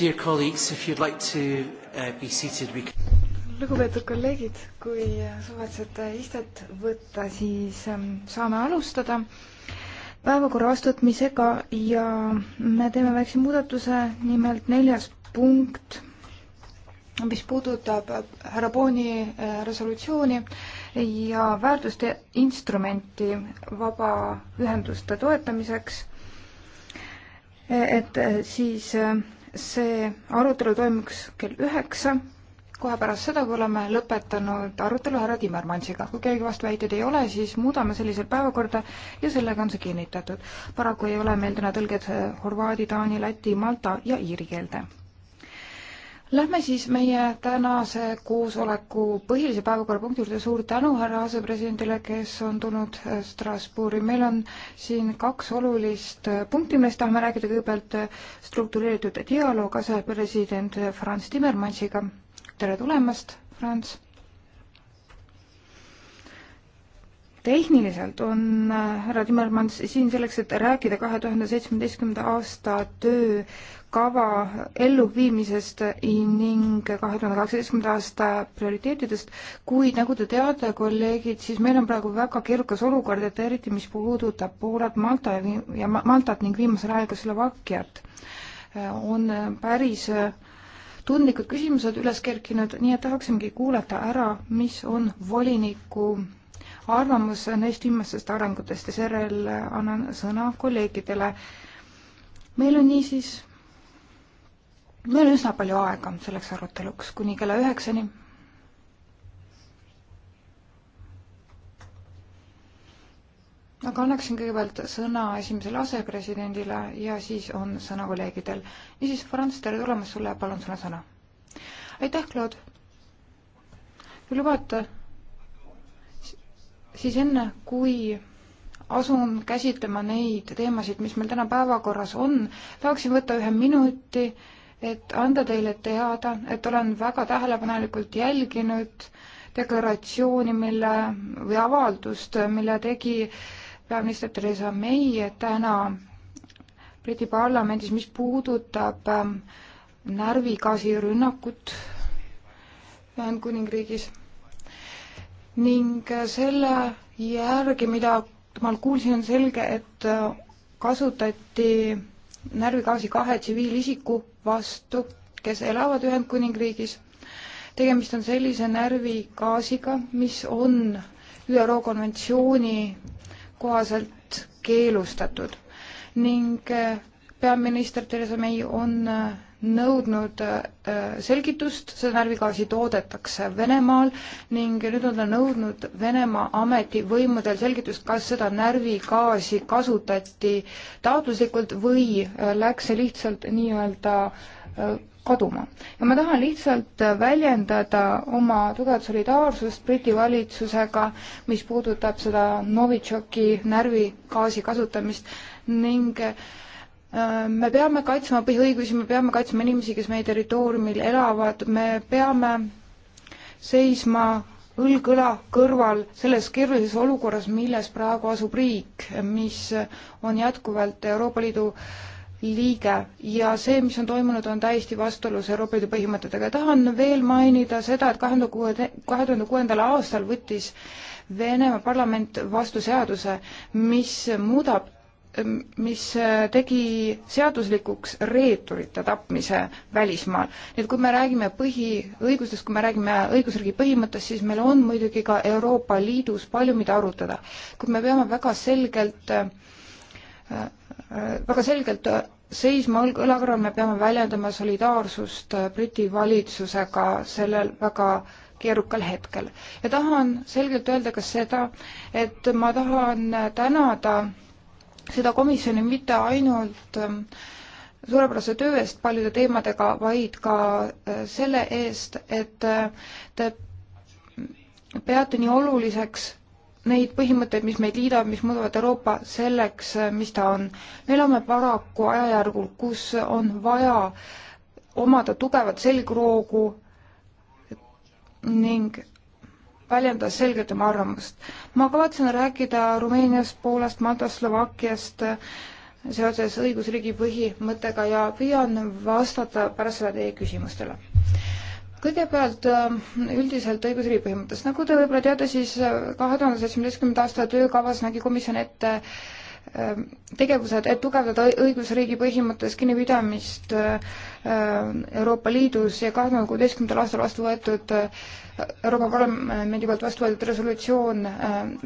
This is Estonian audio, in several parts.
Dear colleagues, if you'd like to uh, be seated, we can... lugupeetud kolleegid, kui suvatsete istet võtta, siis ähm, saame alustada päevakorra vastuvõtmisega ja me teeme väikse muudatuse, nimelt neljas punkt, mis puudutab äh, härra Booni äh, resolutsiooni ja väärtuste instrumenti vabaühenduste toetamiseks. Äh, et siis äh, see arutelu toimuks kell üheksa, kohe pärast seda, kui oleme lõpetanud arutelu härra Timmermansiga. kui keegi vastuväiteid ei ole, siis muudame sellisel päevakorda ja sellega on see kinnitatud. paraku ei ole meil täna tõlged horvaadi, taani, läti, malta ja iiri keelde Lähme siis meie tänase koosoleku põhilise päevakorrapunkti juurde. suur tänu härra asepresidendile, kes on tulnud äh, Strasbourgi. meil on siin kaks olulist äh, punkti, millest tahame rääkida. kõigepealt äh, struktureeritud dialoog asepresident Franz Timmermansiga. tere tulemast, Franz! tehniliselt on härra Timmermans siin selleks, et rääkida kahe tuhande seitsmeteistkümnenda aasta töö kava elluviimisest ning kahe tuhande kaheksateistkümnenda aasta prioriteetidest, kuid nagu te teate, kolleegid, siis meil on praegu väga keerukas olukord, et eriti mis puudutab Poolat, Malta ja, ja Maltat ning viimasel ajal ka Slovakkiat, on päris tundlikud küsimused üles kerkinud, nii et tahaksimegi kuulata ära, mis on voliniku arvamus neist viimastest arengutest ja seejärel annan sõna kolleegidele. meil on niisiis meil on üsna palju aega selleks aruteluks, kuni kella üheksani. aga annaksin kõigepealt sõna esimesele asepresidendile ja siis on sõna kolleegidel. niisiis, Franz, tere tulemast sulle, palun sulle sõna. aitäh, Claude. kui lubate, siis enne, kui asun käsitlema neid teemasid, mis meil täna päevakorras on, tahaksin võtta ühe minuti äh, et anda teile teada, et olen väga tähelepanelikult jälginud deklaratsiooni, mille või avaldust, mille tegi peaminister Theresa May täna Briti parlamendis, mis puudutab ähm, närvigaasirünnakut Ühendkuningriigis ning äh, selle järgi, mida ma kuulsin, on selge, et äh, kasutati närvigaasi kahe tsiviilisiku vastu, kes elavad Ühendkuningriigis. tegemist on sellise närvigaasiga, mis on ÜRO konventsiooni kohaselt keelustatud ning eh, peaminister Theresa May on eh, nõudnud äh, selgitust, seda närvigaasi toodetakse Venemaal ning nüüd on ta nõudnud Venemaa ametivõimudel selgitust, kas seda närvigaasi kasutati taotluslikult või äh, läks see lihtsalt nii-öelda äh, kaduma. ja ma tahan lihtsalt väljendada oma tugevat solidaarsust Briti valitsusega, mis puudutab seda Novitšoki närvigaasi kasutamist ning äh, Äh, me peame kaitsma põhiõigusi, me peame kaitsma inimesi, kes meie territooriumil elavad, me peame seisma õlg õla kõrval selles keerulises olukorras, milles praegu asub riik, mis on jätkuvalt Euroopa Liidu liige ja see, mis on toimunud, on täiesti vastuolus Euroopa Liidu põhimõtetega. tahan veel mainida seda, et kahe tuhande kuue, kahe tuhande kuuendal aastal võttis Venemaa parlament vastu seaduse, mis muudab Ähm, mis äh, tegi seaduslikuks reeturite tapmise välismaal. nii et kui me räägime põhiõigustest, kui me räägime õigusriigi põhimõttest, siis meil on muidugi ka Euroopa Liidus palju, mida arutada. kuid me peame väga selgelt, äh, äh, väga selgelt seisma õla kõrval, me peame väljendama solidaarsust Briti valitsusega sellel väga keerukal hetkel. ja tahan selgelt öelda ka seda, et ma tahan tänada seda komisjoni mitte ainult ähm, suurepärase töö eest paljude teemadega, vaid ka äh, selle eest, et äh, te peate nii oluliseks neid põhimõtteid, mis meid liidavad, mis muudavad Euroopa selleks, äh, mis ta on. me elame paraku ajajärgul, kus on vaja omada tugevat selgroogu ning väljendas selgelt oma arvamust. ma kavatsen rääkida Rumeeniast, Poolast, Maltast, Slovakkiast äh, seoses õigusriigi põhimõttega ja püüan vastata pärast seda teie küsimustele. kõigepealt äh, üldiselt õigusriigi põhimõttest, nagu te võib-olla teate, siis äh, kahe tuhande seitsmeteistkümnenda aasta töökavas nägi komisjon ette äh, Ehm, tegevused, et tugevdada õigusriigi põhimõttes kinnipidamist äh, äh, Euroopa Liidus ja kahe tuhande kuueteistkümnendal aastal vastu võetud äh, Euroopa Parlamendi poolt vastu võetud resolutsioon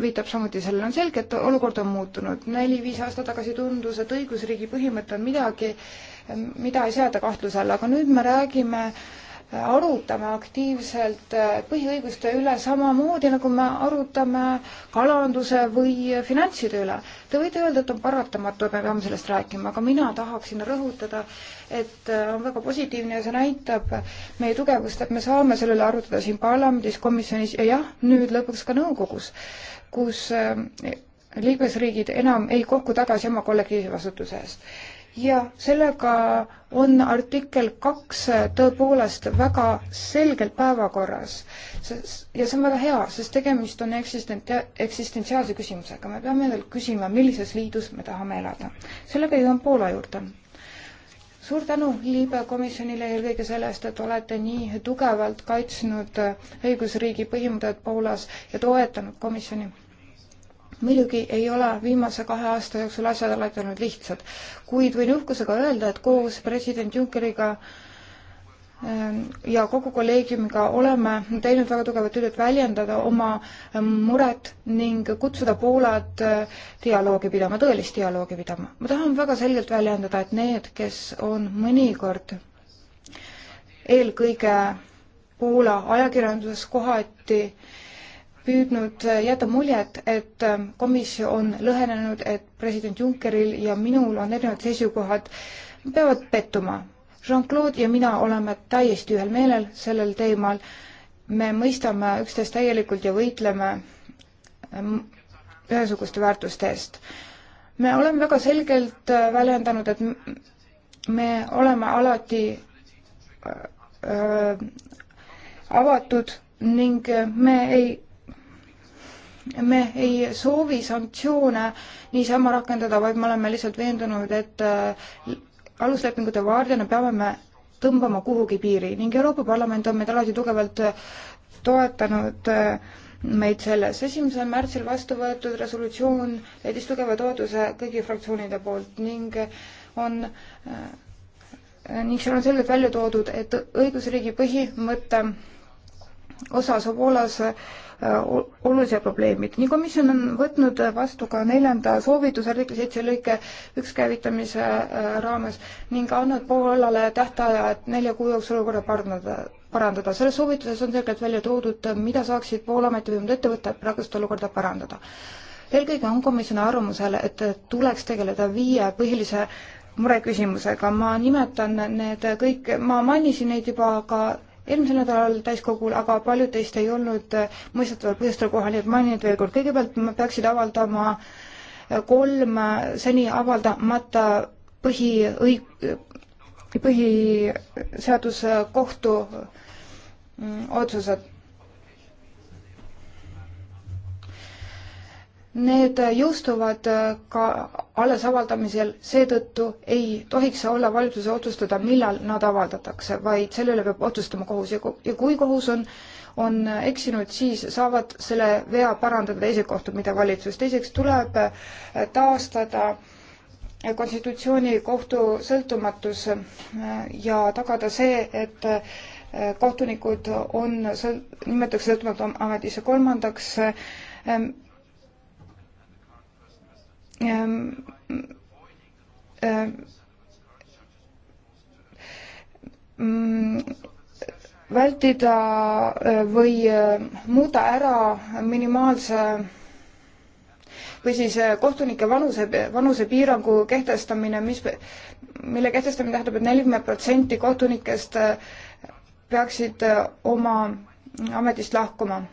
viitab samuti sellele, on selge, et olukord on muutunud. neli-viis aastat tagasi tundus, et õigusriigi põhimõte on midagi, mida ei seata kahtluse alla, aga nüüd me räägime äh, arutame aktiivselt äh, põhiõiguste üle samamoodi, nagu me arutame kalanduse või finantside üle. Te võite öelda, et on paratamatu, et me peame sellest rääkima, aga mina tahaksin rõhutada, et äh, on väga positiivne ja see näitab meie tugevust, et me saame selle üle arutada siin parlamendis, komisjonis ja jah, nüüd lõpuks ka nõukogus, kus äh, liikmesriigid enam ei kohku tagasi oma kollektiivse vastutuse eest ja sellega on artikkel kaks tõepoolest väga selgelt päevakorras. ja see on väga hea, sest tegemist on eksistentsia-, eksistentsiaalse küsimusega. me peame endalt küsima, millises liidus me tahame elada. sellega jõuan Poola juurde. suur tänu Liibe komisjonile eelkõige selle eest, et olete nii tugevalt kaitsnud õigusriigi põhimõtted Poolas ja toetanud komisjoni muidugi ei ole viimase kahe aasta jooksul asjad alati olnud lihtsad, kuid võin uhkusega öelda, et koos president Junckeriga ähm, ja kogu kolleegiumiga oleme teinud väga tugevat tööd, et väljendada oma ähm, muret ning kutsuda Poolat äh, dialoogi pidama, tõelist dialoogi pidama. ma tahan väga selgelt väljendada, et need, kes on mõnikord eelkõige Poola ajakirjanduses kohati äh, püüdnud jätta muljet, et ähm, komisjon on lõhenenud, et president Junckeril ja minul on erinevad seisukohad, peavad pettuma. Jean-Claude ja mina oleme täiesti ühel meelel sellel teemal. me mõistame üksteist täielikult ja võitleme ähm, ühesuguste väärtuste eest. me oleme väga selgelt äh, väljendanud, et me oleme alati öö, äh, äh, avatud ning me ei me ei soovi sanktsioone niisama rakendada, vaid me oleme lihtsalt veendunud, et äh, aluslepingute vaardjana peame me tõmbama kuhugi piiri ning Euroopa Parlament on meid alati tugevalt äh, toetanud äh, meid selles. esimesel märtsil vastu võetud resolutsioon leidis tugeva toetuse kõigi fraktsioonide poolt ning on ning seal on selgelt välja toodud, et õigusriigi põhimõte osas Poolas Äh, olulised probleemid ning komisjon on võtnud vastu ka neljanda soovituse artikli seitse lõike üks käivitamise äh, raames ning andnud poolele tähtaja, et nelja kuu jooksul olukorda parandada, parandada. selles soovituses on selgelt välja toodud, mida saaksid Poola ametivõimud ette võtta, et praegust olukorda parandada. eelkõige on komisjon arvamusel, et tuleks tegeleda viie põhilise mureküsimusega, ma nimetan need kõik, ma mainisin neid juba, aga eelmisel nädalal täiskogul, aga paljud teist ei olnud äh, mõistetaval põhjustel kohal, nii et mainin veel kord, kõigepealt ma peaksid avaldama äh, kolm äh, seni avaldamata põhiõig-, põhiseaduskohtu mm, otsused Need jõustuvad äh, ka alles avaldamisel, seetõttu ei tohiks olla valitsuse otsustada, millal nad avaldatakse, vaid selle üle peab otsustama kohus ja kui kohus on, on eksinud, siis saavad selle vea parandada teised kohtumide valitsus. teiseks tuleb äh, taastada äh, konstitutsioonikohtu sõltumatus ja tagada see, et kohtunikud on, nimetatakse sõltumatu ametisse. kolmandaks Ähm, ähm, mm, vältida äh, või äh, muuda ära minimaalse või siis äh, kohtunike vanuse, vanusepiirangu kehtestamine, mis, mille kehtestamine tähendab et, et nelikümmend protsenti kohtunikest peaksid oma ametist lahkuma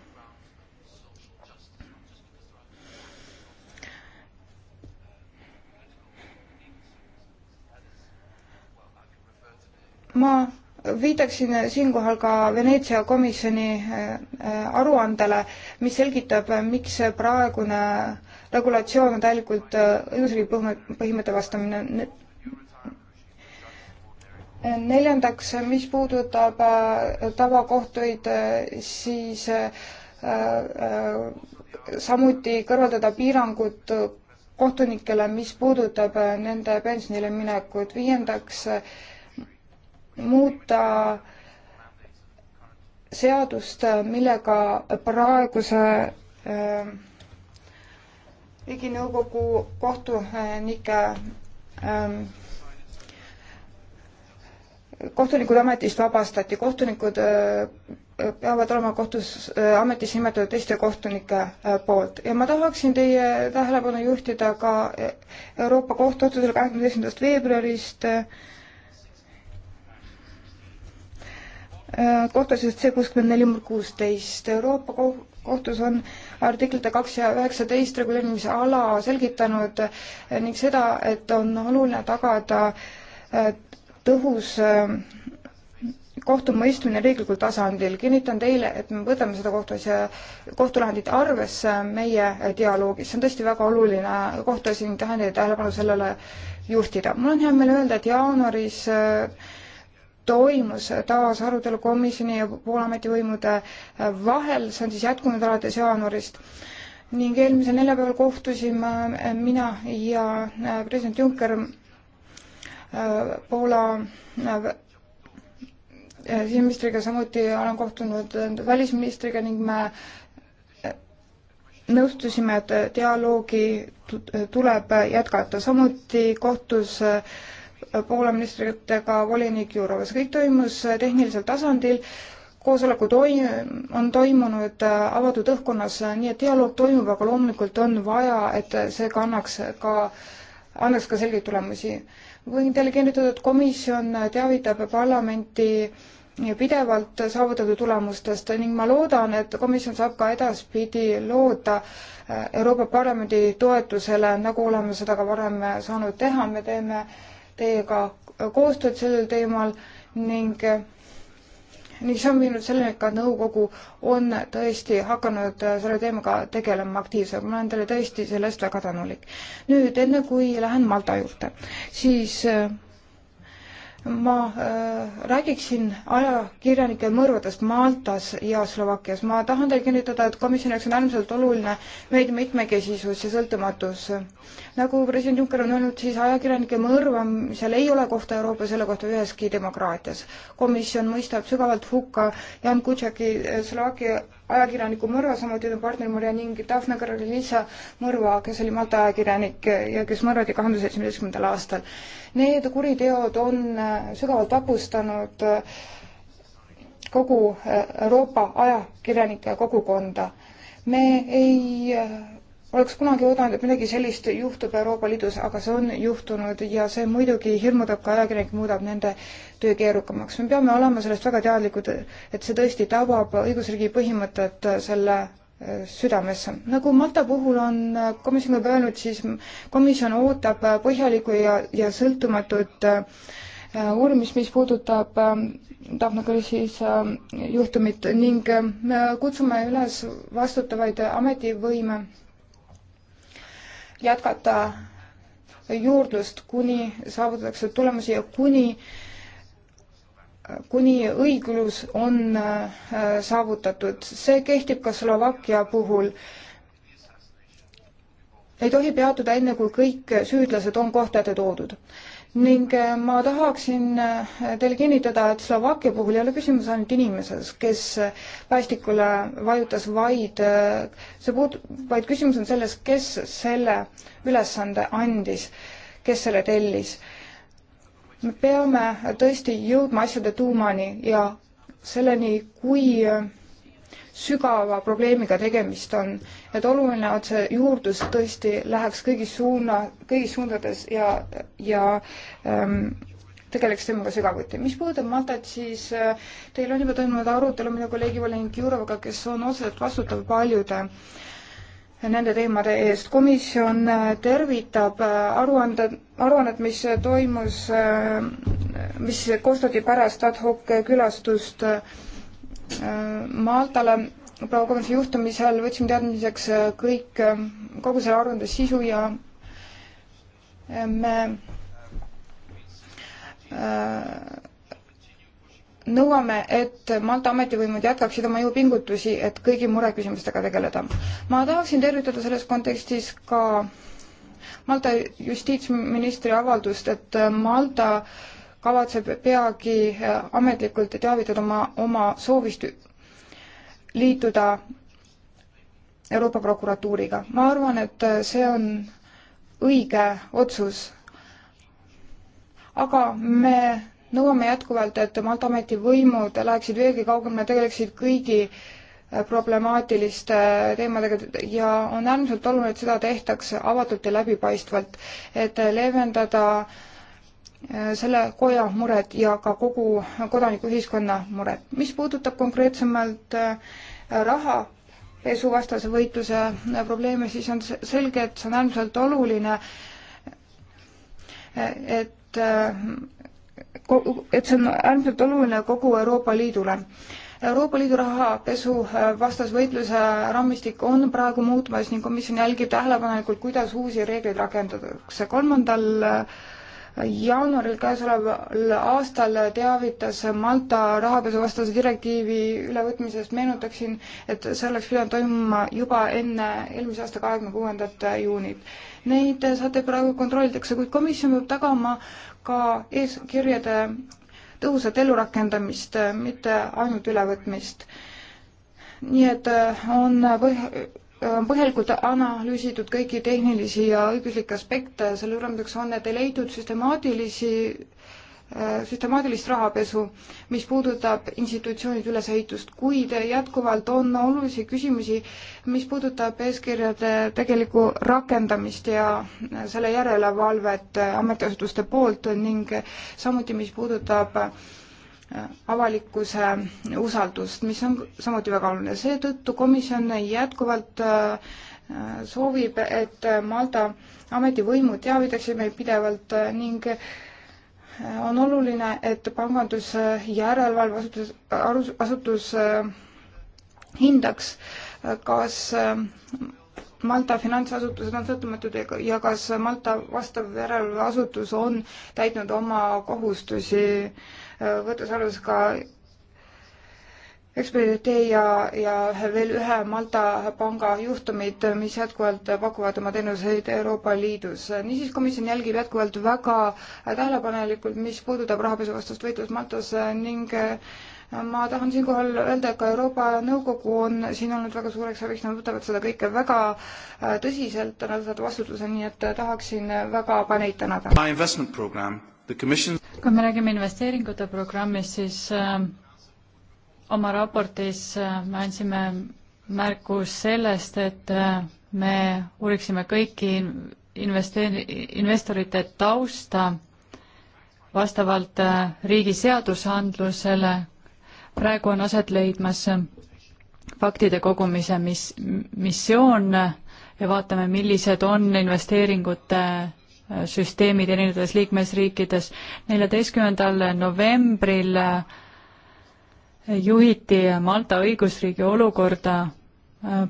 ma viitaksin siinkohal ka Veneetsia komisjoni äh, äh, aruandele, mis selgitab, miks praegune regulatsioon on täielikult äh, õigusriigi põhimõtte vastamine. neljandaks, mis puudutab tavakohtuid, siis samuti kõrvaldada piirangud kohtunikele, mis puudutab nende pensionile minekut. viiendaks äh, muuta seadust, millega praeguse äh, riiginõukogu kohtunike ähm, kohtunikud ametist vabastati, kohtunikud äh, peavad olema kohtus äh, ametisse nimetatud teiste kohtunike poolt ja ma tahaksin teie tähelepanu juhtida ka Euroopa Kohtu otsusele kahekümne seitsmendast veebruarist kohtuasjast C kuuskümmend neli murd kuusteist. Euroopa kohtus on artiklite kaks ja üheksateist reguleerimise ala selgitanud eh, ning seda, et on oluline tagada eh, tõhus eh, kohtumõistmine riiklikul tasandil. kinnitan teile, et me võtame seda kohtuasja, kohtulahendit arvesse meie dialoogis. see on tõesti väga oluline kohtuasi ning tahan teie tähelepanu sellele juhtida. mul on hea meel öelda, et jaanuaris äh, toimus taas arutelu komisjoni ja Poola ametivõimude vahel, see on siis jätkunud alates jaanuarist. ning eelmisel neljapäeval kohtusime mina ja äh, president Juncker äh, Poola äh, siseministriga, samuti olen kohtunud välisministriga ning me nõustusime, et dialoogi tuleb jätkata, samuti kohtus äh, Poola ministritega volinik Jurovas. kõik toimus äh, tehnilisel tasandil, koosoleku toi-, on toimunud äh, avatud õhkkonnas, äh, nii et dialoog toimub, aga loomulikult on vaja, et see kannaks ka, annaks ka selgeid tulemusi. võin teile kinnitada, et komisjon teavitab parlamenti pidevalt saavutatud tulemustest ning ma loodan, et komisjon saab ka edaspidi loota Euroopa Parlamendi toetusele, nagu oleme seda ka varem saanud teha, me teeme äh, teiega koostööd sellel teemal ning eh, ning see on viinud selleni, et ka nõukogu on tõesti hakanud eh, selle teemaga tegelema aktiivselt. ma olen teile tõesti selle eest väga tänulik. nüüd, enne kui lähen Malta juurde, siis eh, ma äh, räägiksin ajakirjanike mõrvadest Maltas ja Slovakkias. ma tahan teile kinnitada, et komisjoni jaoks on äärmiselt oluline meedia mitmekesisus ja sõltumatus. nagu president Juncker on öelnud, siis ajakirjanike mõrvamisel ei ole kohta Euroopa selle kohta üheski demokraatias. komisjon mõistab sügavalt hukka Jan Kutšeki äh, Slovakkia ajakirjaniku mõrva, samuti tema partnerimõrva ning Daphne Caruana mõrva, kes oli Malta ajakirjanik ja kes mõrvati kahe tuhande seitsmeteistkümnendal aastal. Need kuriteod on äh, sügavalt vapustanud äh, kogu äh, Euroopa ajakirjanike kogukonda. me ei oleks kunagi oodanud, et midagi sellist juhtub Euroopa Liidus, aga see on juhtunud ja see muidugi hirmutab ka ajakirjanikke, muudab nende töö keerukamaks. me peame olema sellest väga teadlikud, et see tõesti tabab õigusriigi põhimõtet selle äh, südamesse. nagu Malta puhul on äh, komisjon juba öelnud, siis komisjon ootab äh, põhjalikku ja, ja sõltumatut uurimist, mis puudutab Daphne Kõlsis juhtumit ning me kutsume üles vastutavaid ametivõime jätkata juurdlust, kuni saavutatakse tulemusi ja kuni, kuni õiglus on äh, saavutatud. see kehtib ka Slovakkia puhul. ei tohi peatuda enne, kui kõik süüdlased on kohtu ette toodud ning äh, ma tahaksin äh, teile kinnitada, et Slovakkia puhul ei ole küsimus ainult inimeses, kes äh, päästikule vajutas, vaid see puud-, vaid küsimus on selles, kes selle ülesande andis, kes selle tellis. me peame tõesti jõudma asjade tuumani ja selleni, kui sügava probleemiga tegemist on. et oluline on, et see juurdlus tõesti läheks kõigis suuna, kõigis suundades ja, ja ähm, tegeleks temaga sügavuti. mis puudutab Maltat, siis äh, teil on juba toimunud arutelu minu kolleegi volinik Jurovaga, kes on otseselt vastutav paljude nende teemade eest. komisjon äh, tervitab äh, aruande, aruannet, mis toimus, mis koostati pärast ad hoc külastust äh, Äh, Maltale proua Kovensi juhtumisel võtsime teadmiseks äh, kõik, äh, kogu selle aruande sisu ja me nõuame, et Malta ametivõimud jätkaksid oma jõupingutusi, et kõigi mureküsimustega tegeleda. ma tahaksin tervitada selles kontekstis ka Malta justiitsministri avaldust, et Malta äh, kavatseb peagi äh, ametlikult teavitada oma, oma soovist liituda Euroopa prokuratuuriga. ma arvan, et äh, see on õige otsus. aga me nõuame jätkuvalt, et Malta ametivõimud läheksid veelgi kaugemale, tegeleksid kõigi äh, problemaatiliste teemadega ja on äärmiselt oluline, et seda tehtaks avatult ja läbipaistvalt, et leevendada äh, selle koja mured ja ka kogu kodanikuühiskonna mured. mis puudutab konkreetsemalt äh, raha pesuvastase võitluse äh, probleeme, siis on selge, et see on äärmiselt oluline, äh, et, et see on äärmiselt oluline kogu Euroopa Liidule. Euroopa Liidu rahapesu vastase võitluse raamistik on praegu muutumas ning komisjon jälgib tähelepanelikult, kuidas uusi reegleid rakendatakse. kolmandal äh, jaanuaril käesoleval aastal teavitas Malta rahapesuvastase direktiivi ülevõtmisest, meenutaksin, et see oleks pidanud toimuma juba enne eelmise aasta kahekümne kuuendat juunit. Neid saateid praegu kontrollitakse, kuid komisjon peab tagama ka eeskirjade tõhusat ellurakendamist, mitte ainult ülevõtmist. nii et äh, on põh-, on põhjalikult analüüsitud kõiki tehnilisi ja õiguslikke aspekte, selle tulemuseks on, et ei leitud süstemaatilisi, äh, süstemaatilist rahapesu, mis puudutab institutsioonide ülesehitust, kuid jätkuvalt on olulisi küsimusi, mis puudutab eeskirjade tegelikku rakendamist ja selle järelevalvet ametiasutuste poolt ning samuti, mis puudutab äh, avalikkuse usaldust, mis on samuti väga oluline. seetõttu komisjon jätkuvalt äh, soovib, et Malta ametivõimud teavitaksid meid pidevalt ning äh, on oluline, et pangandusjärelevalve asutus, asutus äh, hindaks, kas Malta finantsasutused on sõltumatud ja kas Malta vastav järelevalveasutus on täitnud oma kohustusi, äh, võttes aluseks ka Expedite ja, ja veel ühe Malta panga juhtumid, mis jätkuvalt pakuvad oma teenuseid Euroopa Liidus. niisiis, komisjon jälgib jätkuvalt väga tähelepanelikult, mis puudutab rahapesuvastast võitlust Maltas ning äh, ma tahan siinkohal öelda, et ka Euroopa Nõukogu on siin olnud väga suureks abiks, nad võtavad seda kõike väga äh, tõsiselt, nad võtavad vastutuse, nii et äh, tahaksin väga ka neid tänada. Commission... kui me räägime investeeringute programmist, siis äh, oma raportis äh, me andsime märku sellest, et äh, me uuriksime kõiki investeeri-, investorite tausta vastavalt äh, riigi seadusandlusele, praegu on aset leidmas faktide kogumise mis-, missioon ja vaatame, millised on investeeringute äh, süsteemid erinevates liikmesriikides. neljateistkümnendal novembril äh, juhiti Malta õigusriigi olukorda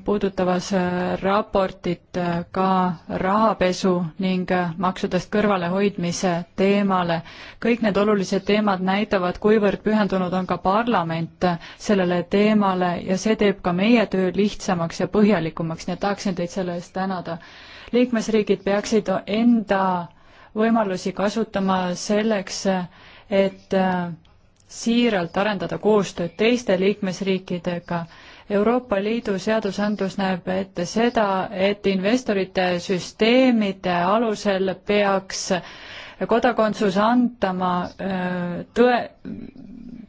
puudutavas äh, raportit äh, ka rahapesu ning äh, maksudest kõrvalehoidmise teemale. kõik need olulised teemad näitavad, kuivõrd pühendunud on ka parlament sellele teemale ja see teeb ka meie töö lihtsamaks ja põhjalikumaks, nii et tahaksin teid selle eest tänada. liikmesriigid peaksid enda võimalusi kasutama selleks, et siiralt arendada koostööd teiste liikmesriikidega Euroopa Liidu seadusandlus näeb ette seda, et investorite süsteemide alusel peaks kodakondsus antama äh, tõe,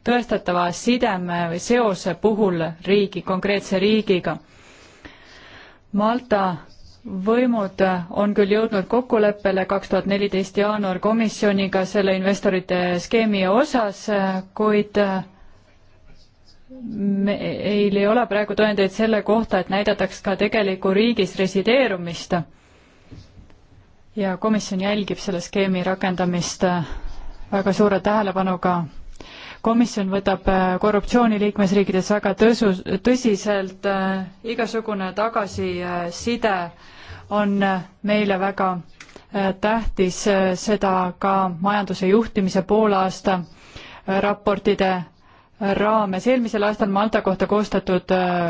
tõestatava sideme või seose puhul riigi, konkreetse riigiga. Malta võimud on küll jõudnud kokkuleppele kaks tuhat neliteist jaanuar komisjoniga selle investorite skeemi osas, kuid äh, meil ei ole praegu tõendeid selle kohta, et näidataks ka tegelikku riigis resideerumist. ja komisjon jälgib selle skeemi rakendamist väga suure tähelepanuga. komisjon võtab äh, korruptsiooni liikmesriikides väga tõsu-, tõsiselt, äh, igasugune tagasiside äh, on meile väga tähtis, seda ka majanduse juhtimise poolaasta raportide raames. eelmisel aastal Malta kohta koostatud äh,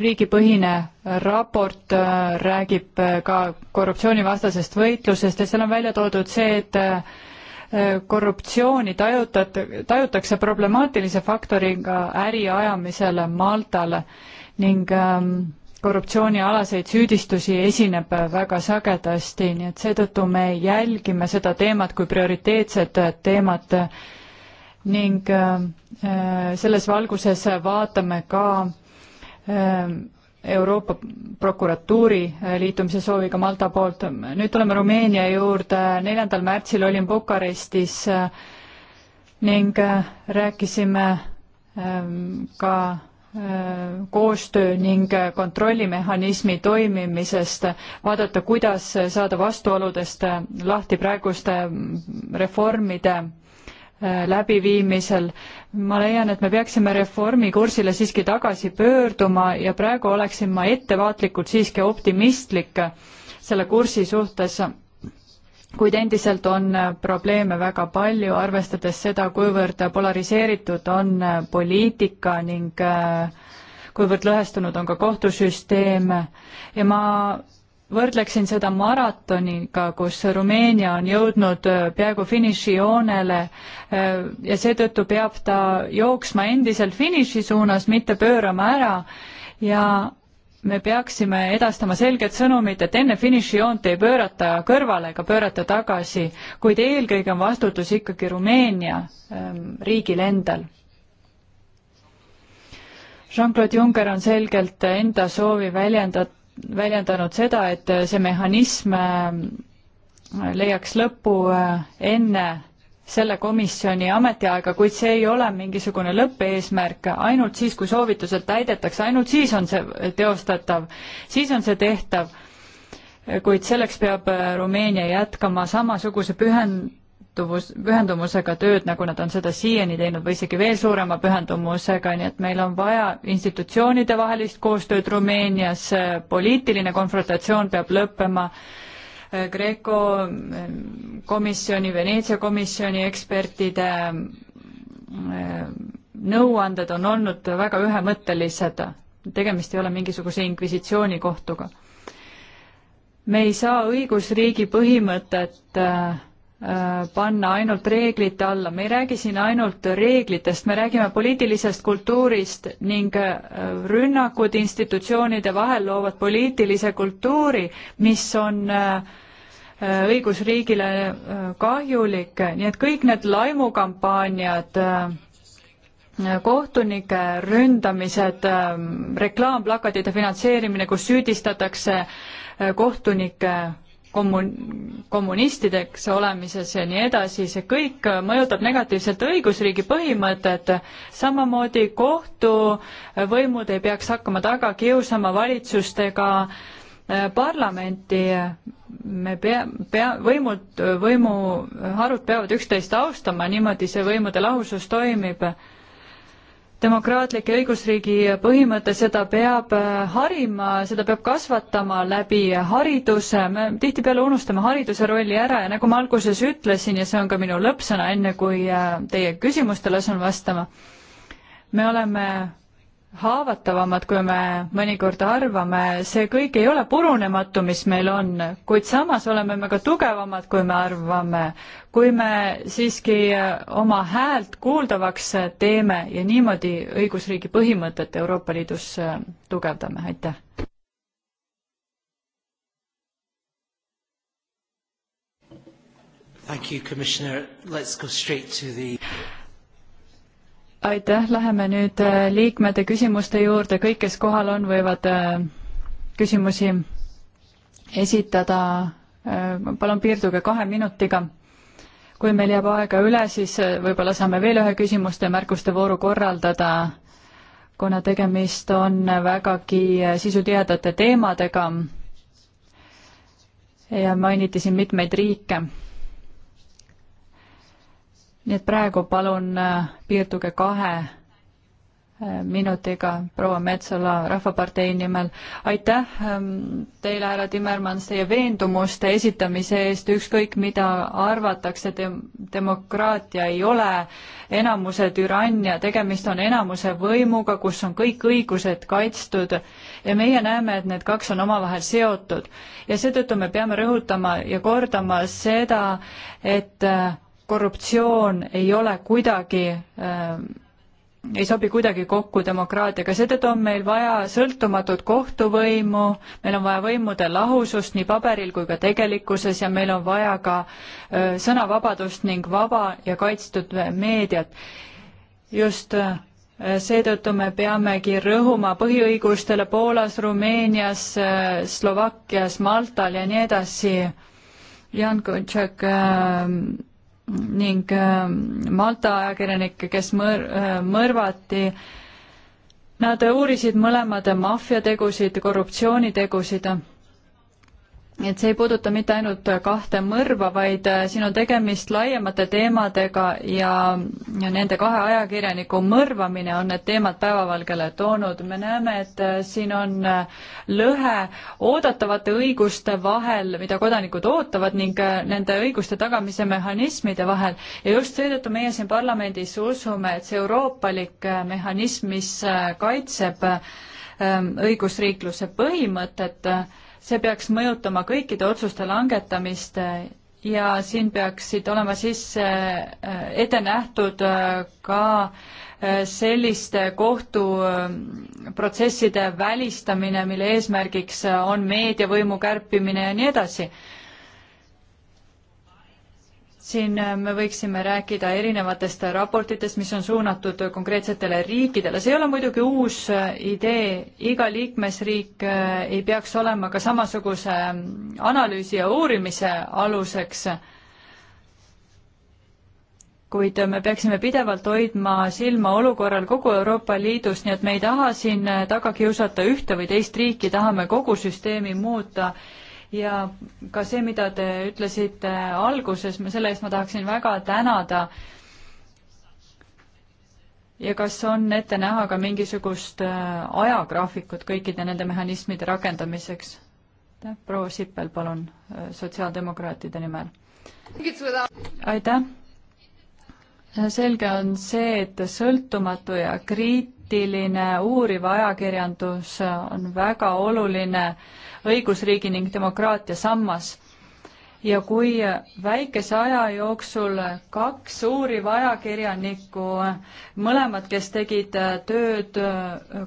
riigipõhine raport äh, räägib äh, ka korruptsioonivastasest võitlusest ja seal on välja toodud see, et korruptsiooni tajutat-, tajutakse problemaatilise faktoriga äri ajamisel Maltal ning ähm, korruptsioonialaseid süüdistusi esineb väga sagedasti, nii et seetõttu me jälgime seda teemat kui prioriteetset teemat ning äh, äh, selles valguses vaatame ka äh, Euroopa prokuratuuri liitumise sooviga Malta poolt. nüüd tuleme Rumeenia juurde, neljandal märtsil olin Bukarestis ning rääkisime ähm, ka koostöö ning kontrollimehhanismi toimimisest, vaadata, kuidas saada vastuoludest lahti praeguste mm, reformide Äh, läbiviimisel. ma leian, et me peaksime reformikursile siiski tagasi pöörduma ja praegu oleksin ma ettevaatlikult siiski optimistlik selle kursi suhtes, kuid endiselt on äh, probleeme väga palju, arvestades seda, kuivõrd polariseeritud on äh, poliitika ning kuivõrd lõhestunud on ka kohtusüsteem ja ma võrdleksin seda maratoniga, kus Rumeenia on jõudnud äh, peaaegu finišijoonele äh, ja seetõttu peab ta jooksma endiselt finiši suunas, mitte pöörama ära ja me peaksime edastama selget sõnumit, et enne finišijoont ei pöörata kõrvale ega pöörata tagasi, kuid eelkõige on vastutus ikkagi Rumeenia ähm, riigil endal Jean-Claude Juncker on selgelt enda soovi väljendanud väljendanud seda, et see mehhanism äh, leiaks lõpu äh, enne selle komisjoni ametiaega, kuid see ei ole mingisugune lõppeesmärk, ainult siis, kui soovitused täidetakse, ainult siis on see teostatav, siis on see tehtav. kuid selleks peab äh, Rumeenia jätkama samasuguse pühen-, pühenduvus, pühendumusega tööd, nagu nad on seda siiani teinud või isegi veel suurema pühendumusega, nii et meil on vaja institutsioonide vahelist koostööd Rumeenias, poliitiline konfrontatsioon peab lõppema, äh, Kreeko äh, komisjoni, Veneetsia komisjoni ekspertide äh, nõuanded on olnud väga ühemõttelised, tegemist ei ole mingisuguse inkvisitsioonikohtuga. me ei saa õigusriigi põhimõtet äh, Äh, panna ainult reeglite alla, me ei räägi siin ainult reeglitest, me räägime poliitilisest kultuurist ning äh, rünnakud institutsioonide vahel loovad poliitilise kultuuri, mis on äh, õigusriigile kahjulik, nii et kõik need laimukampaaniad, kohtunike ründamised, reklaamplakatide finantseerimine, kus süüdistatakse kohtunikke kommun-, kommunistideks olemises ja nii edasi, see kõik mõjutab negatiivselt õigusriigi põhimõtet, samamoodi kohtuvõimud ei peaks hakkama taga kiusama valitsustega äh, parlamenti, me pea, pea, võimud, võimuharud peavad üksteist austama, niimoodi see võimude lahusus toimib demokraatlik ja õigusriigi põhimõte, seda peab äh, harima, seda peab kasvatama läbi hariduse, me tihtipeale unustame hariduse rolli ära ja nagu ma alguses ütlesin ja see on ka minu lõppsõna, enne kui äh, teie küsimustele asun vastama, me oleme haavatavamad, kui me mõnikord arvame, see kõik ei ole purunematu, mis meil on, kuid samas oleme me ka tugevamad, kui me arvame. kui me siiski oma häält kuuldavaks teeme ja niimoodi õigusriigi põhimõtet Euroopa Liidus tugevdame, aitäh. Thank you, Commissioner. Let's go straight to the aitäh, läheme nüüd äh, liikmete küsimuste juurde, kõik, kes kohal on, võivad äh, küsimusi esitada. Äh, palun piirduge kahe minutiga. kui meil jääb aega üle, siis võib-olla saame veel ühe küsimuste ja märkuste vooru korraldada, kuna tegemist on vägagi sisutihedate teemadega ja mainiti siin mitmeid riike nii et praegu palun äh, piirduge kahe äh, minutiga proua Metsola Rahvapartei nimel. aitäh ähm, teile, härra Timmermans, teie veendumuste esitamise eest, ükskõik mida arvatakse dem, demokraatia ei ole enamuse türannia, tegemist on enamuse võimuga, kus on kõik õigused kaitstud ja meie näeme, et need kaks on omavahel seotud. ja seetõttu me peame rõhutama ja kordama seda, et äh, korruptsioon ei ole kuidagi äh, ei sobi kuidagi kokku demokraatiaga, seetõttu on meil vaja sõltumatut kohtuvõimu, meil on vaja võimude lahusust nii paberil kui ka tegelikkuses ja meil on vaja ka äh, sõnavabadust ning vaba ja kaitstud meediat. just äh, seetõttu me peamegi rõhuma põhiõigustele Poolas, Rumeenias, Slovakkias, Maltal ja nii edasi. Jan Kutšak äh, ning ähm, Malta ajakirjanik, kes mõr-, äh, mõrvati, nad uurisid mõlemad maffiategusid, korruptsioonitegusid et see ei puuduta mitte ainult kahte mõrva, vaid äh, siin on tegemist laiemate teemadega ja, ja nende kahe ajakirjaniku mõrvamine on need teemad päevavalgele toonud. me näeme, et äh, siin on äh, lõhe oodatavate õiguste vahel, mida kodanikud ootavad, ning nende õiguste tagamise mehhanismide vahel ja just seetõttu meie siin parlamendis usume, et see euroopalik mehhanism, mis kaitseb õigusriikluse põhimõtet, see peaks mõjutama kõikide otsuste langetamist äh, ja siin peaksid olema sisse äh, ette nähtud äh, ka selliste kohtuprotsesside välistamine, mille eesmärgiks on meediavõimu kärpimine ja nii edasi siin äh, me võiksime rääkida erinevatest raportitest, mis on suunatud konkreetsetele riikidele, see ei ole muidugi uus äh, idee, iga liikmesriik äh, ei peaks olema ka samasuguse mm, analüüsi ja uurimise aluseks, kuid me peaksime pidevalt hoidma silma olukorral kogu Euroopa Liidus, nii et me ei taha siin taga kiusata ühte või teist riiki, tahame kogu süsteemi muuta ja ka see, mida te ütlesite alguses, selle eest ma tahaksin väga tänada. ja kas on ette näha ka mingisugust äh, ajagraafikut kõikide nende mehhanismide rakendamiseks? proua Sippel, palun, äh, sotsiaaldemokraatide nimel. aitäh selge on see, et sõltumatu ja kriitiline uuriv ajakirjandus on väga oluline õigusriigi ning demokraatia sammas. ja kui väikese aja jooksul kaks suuri ajakirjanikku, mõlemad, kes tegid tööd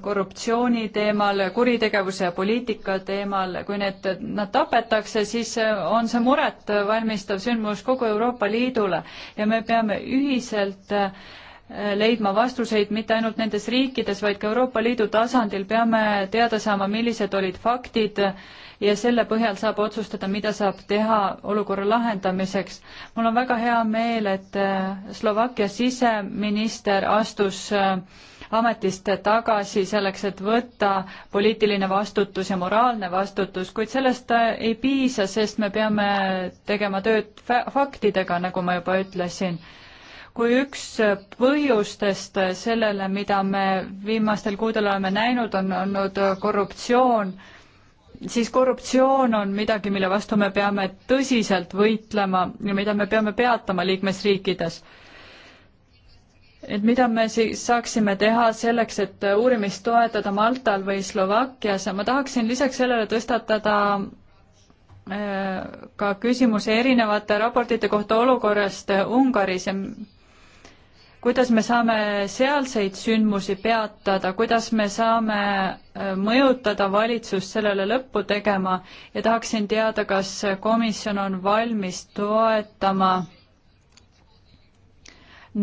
korruptsiooni teemal, kuritegevuse ja poliitika teemal, kui need, nad tapetakse, siis on see muret valmistav sündmus kogu Euroopa Liidule ja me peame ühiselt äh, leidma vastuseid mitte ainult nendes riikides, vaid ka Euroopa Liidu tasandil peame teada saama, millised olid faktid ja selle põhjal saab otsustada, mida saab teha olukorra lahendamiseks. mul on väga hea meel, et äh, Slovakkia siseminister astus äh, ametist tagasi selleks, et võtta poliitiline vastutus ja moraalne vastutus, kuid sellest äh, ei piisa, sest me peame tegema tööd faktidega, nagu ma juba ütlesin kui üks põhjustest sellele, mida me viimastel kuudel oleme näinud, on olnud korruptsioon, siis korruptsioon on midagi, mille vastu me peame tõsiselt võitlema ja mida me peame peatama liikmesriikides et mida me siis saaksime teha selleks, et uurimist toetada Maltal või Slovakkias ja ma tahaksin lisaks sellele tõstatada äh, ka küsimuse erinevate raportite kohta olukorrast Ungaris ja kuidas me saame sealseid sündmusi peatada, kuidas me saame äh, mõjutada valitsust sellele lõppu tegema ja tahaksin teada, kas komisjon on valmis toetama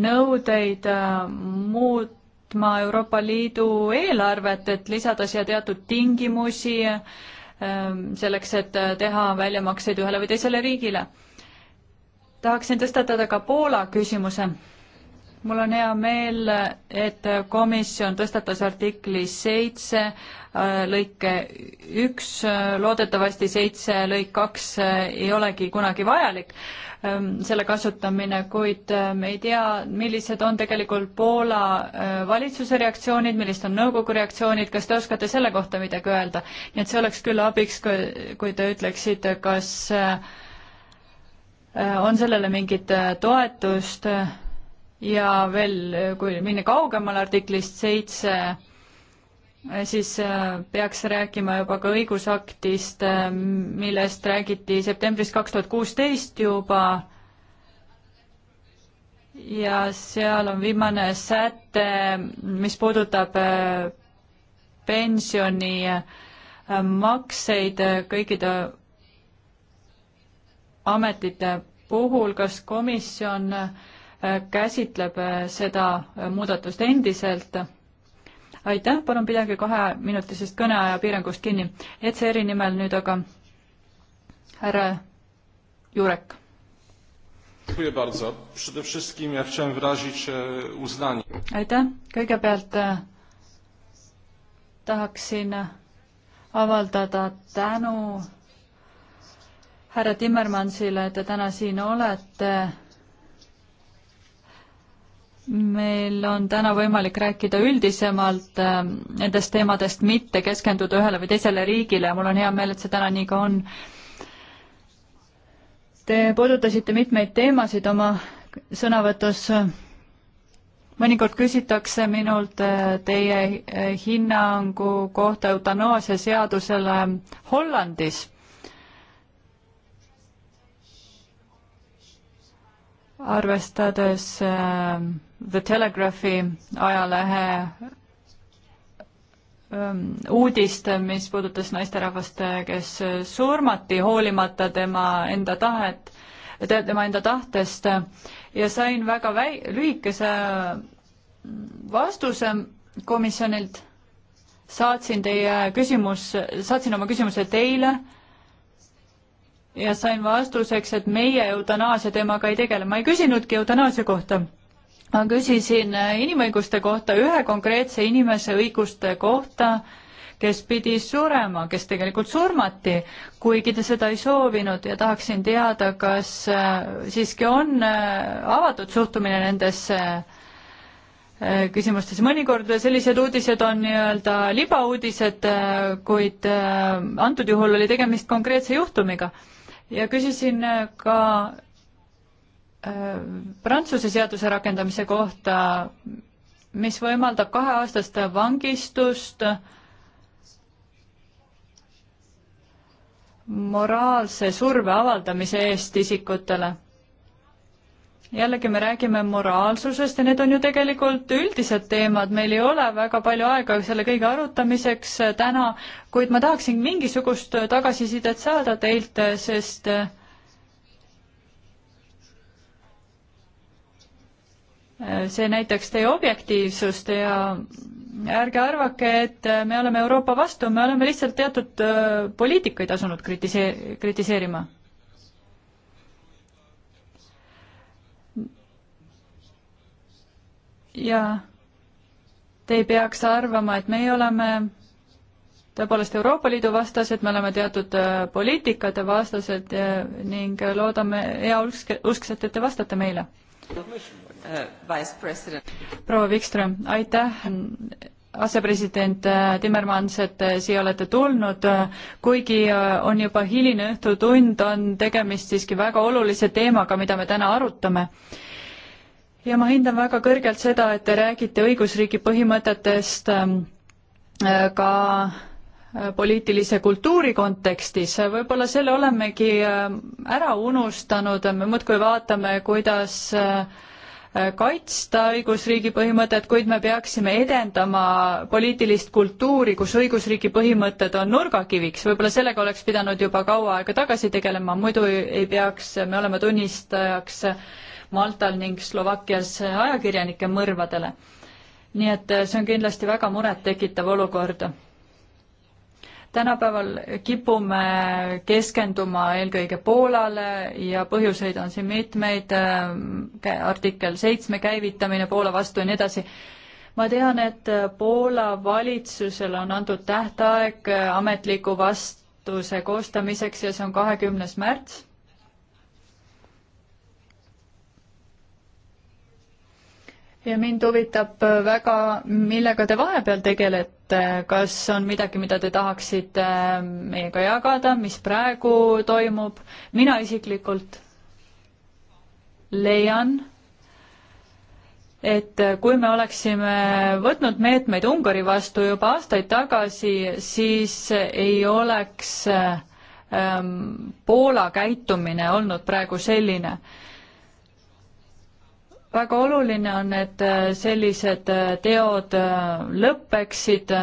nõudeid äh, muutma Euroopa Liidu eelarvet, et lisada siia teatud tingimusi äh, selleks, et teha väljamakseid ühele või teisele riigile. tahaksin tõstatada ka Poola küsimuse mul on hea meel, et komisjon tõstatas artikli seitse äh, lõike üks, loodetavasti seitse lõik kaks äh, ei olegi kunagi vajalik, ähm, selle kasutamine, kuid äh, me ei tea, millised on tegelikult Poola valitsuse reaktsioonid, millised on nõukogu reaktsioonid, kas te oskate selle kohta midagi öelda? nii et see oleks küll abiks, kui te ütleksite, kas on sellele mingit toetust ja veel, kui minna kaugemale artiklist seitse, siis äh, peaks rääkima juba ka õigusaktist, äh, millest räägiti septembris kaks tuhat kuusteist juba ja seal on viimane säte, mis puudutab äh, pensioni makseid kõikide ametite puhul, kas komisjon äh, Äh, käsitleb äh, seda äh, muudatust endiselt. aitäh, palun pidage kaheminutisest kõneaja piirangust kinni. ECR-i nimel nüüd aga härra Jurek. E, aitäh, kõigepealt e, tahaksin avaldada tänu härra Timmermansile, et te täna siin olete meil on täna võimalik rääkida üldisemalt äh, nendest teemadest, mitte keskenduda ühele või teisele riigile ja mul on hea meel, et see täna nii ka on. Te puudutasite mitmeid teemasid oma sõnavõtus. mõnikord küsitakse minult äh, teie hinnangu kohta eutanaasia seadusele Hollandis arvestades ähm, The Telegraphi ajalehe ähm, uudist, mis puudutas naisterahvast, kes surmati hoolimata tema enda tahet, tema enda tahtest ja sain väga väi-, lühikese mm, vastuse komisjonilt, saatsin teie küsimus, saatsin oma küsimuse teile ja sain vastuseks, et meie eutanaasia teemaga ei tegele, ma ei küsinudki eutanaasia kohta. ma küsisin äh, inimõiguste kohta, ühe konkreetse inimese õiguste kohta, kes pidi surema, kes tegelikult surmati, kuigi ta seda ei soovinud ja tahaksin teada, kas äh, siiski on äh, avatud suhtumine nendesse küsimustes, mõnikord sellised uudised on nii-öelda libauudised, kuid antud juhul oli tegemist konkreetse juhtumiga ja küsisin äh, ka äh, Prantsuse seaduse rakendamise kohta, mis võimaldab kaheaastast vangistust moraalse surve avaldamise eest isikutele jällegi me räägime moraalsusest ja need on ju tegelikult üldised teemad, meil ei ole väga palju aega selle kõige arutamiseks äh, täna, kuid ma tahaksin mingisugust äh, tagasisidet saada teilt, äh, sest see näitaks teie objektiivsust ja ärge arvake, et me oleme Euroopa vastu, me oleme lihtsalt teatud poliitikaid asunud kritise-, kritiseerima ja te ei peaks arvama, et meie oleme tõepoolest Euroopa Liidu vastased, me oleme teatud äh, poliitikate vastased äh, ning äh, loodame hea usk-, uskselt, et te vastate meile. proua Wikström, aitäh, asepresident Timmermans, et siia olete tulnud, kuigi on juba hiline õhtutund, on tegemist siiski väga olulise teemaga, mida me täna arutame ja ma hindan väga kõrgelt seda, et te räägite õigusriigi põhimõtetest ähm, äh, ka äh, poliitilise kultuuri kontekstis, võib-olla selle olemegi ähm, ära unustanud, me muudkui vaatame, kuidas äh, kaitsta õigusriigi põhimõtet, kuid me peaksime edendama poliitilist kultuuri, kus õigusriigi põhimõtted on nurgakiviks, võib-olla sellega oleks pidanud juba kaua aega tagasi tegelema, muidu ei peaks me olema tunnistajaks Maltal ning Slovakkias ajakirjanike mõrvadele. nii et eh, see on kindlasti väga murettekitav olukord. tänapäeval kipume keskenduma eelkõige Poolale ja põhjuseid on siin mitmeid, eh, artikkel seitsme käivitamine Poola vastu ja nii edasi ma tean, et eh, Poola valitsusele on antud tähtaeg ametliku vastuse koostamiseks ja see on kahekümnes märts. ja mind huvitab äh, väga, millega te vahepeal tegelete, kas on midagi, mida te tahaksite äh, meiega jagada, mis praegu toimub? mina isiklikult leian, et äh, kui me oleksime võtnud meetmeid Ungari vastu juba aastaid tagasi, siis ei oleks ähm, Poola käitumine olnud praegu selline äh, väga oluline on, et äh, sellised äh, teod äh, lõpeksid.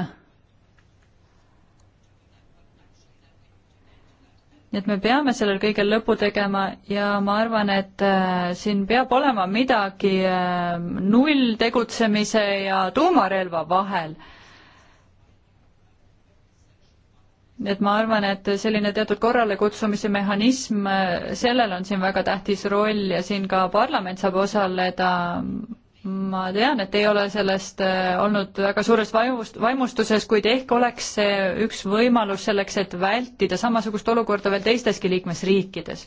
nii et me peame sellel kõigel lõpu tegema ja ma arvan, et siin peab olema midagi nulltegutsemise ja tuumarelva vahel et ma arvan, et selline teatud korralekutsumise mehhanism, sellel on siin väga tähtis roll ja siin ka parlament saab osaleda. ma tean, et ei ole sellest äh, olnud väga suures vaimust, vaimustuses, kuid ehk oleks see üks võimalus selleks, et vältida samasugust olukorda veel teisteski liikmesriikides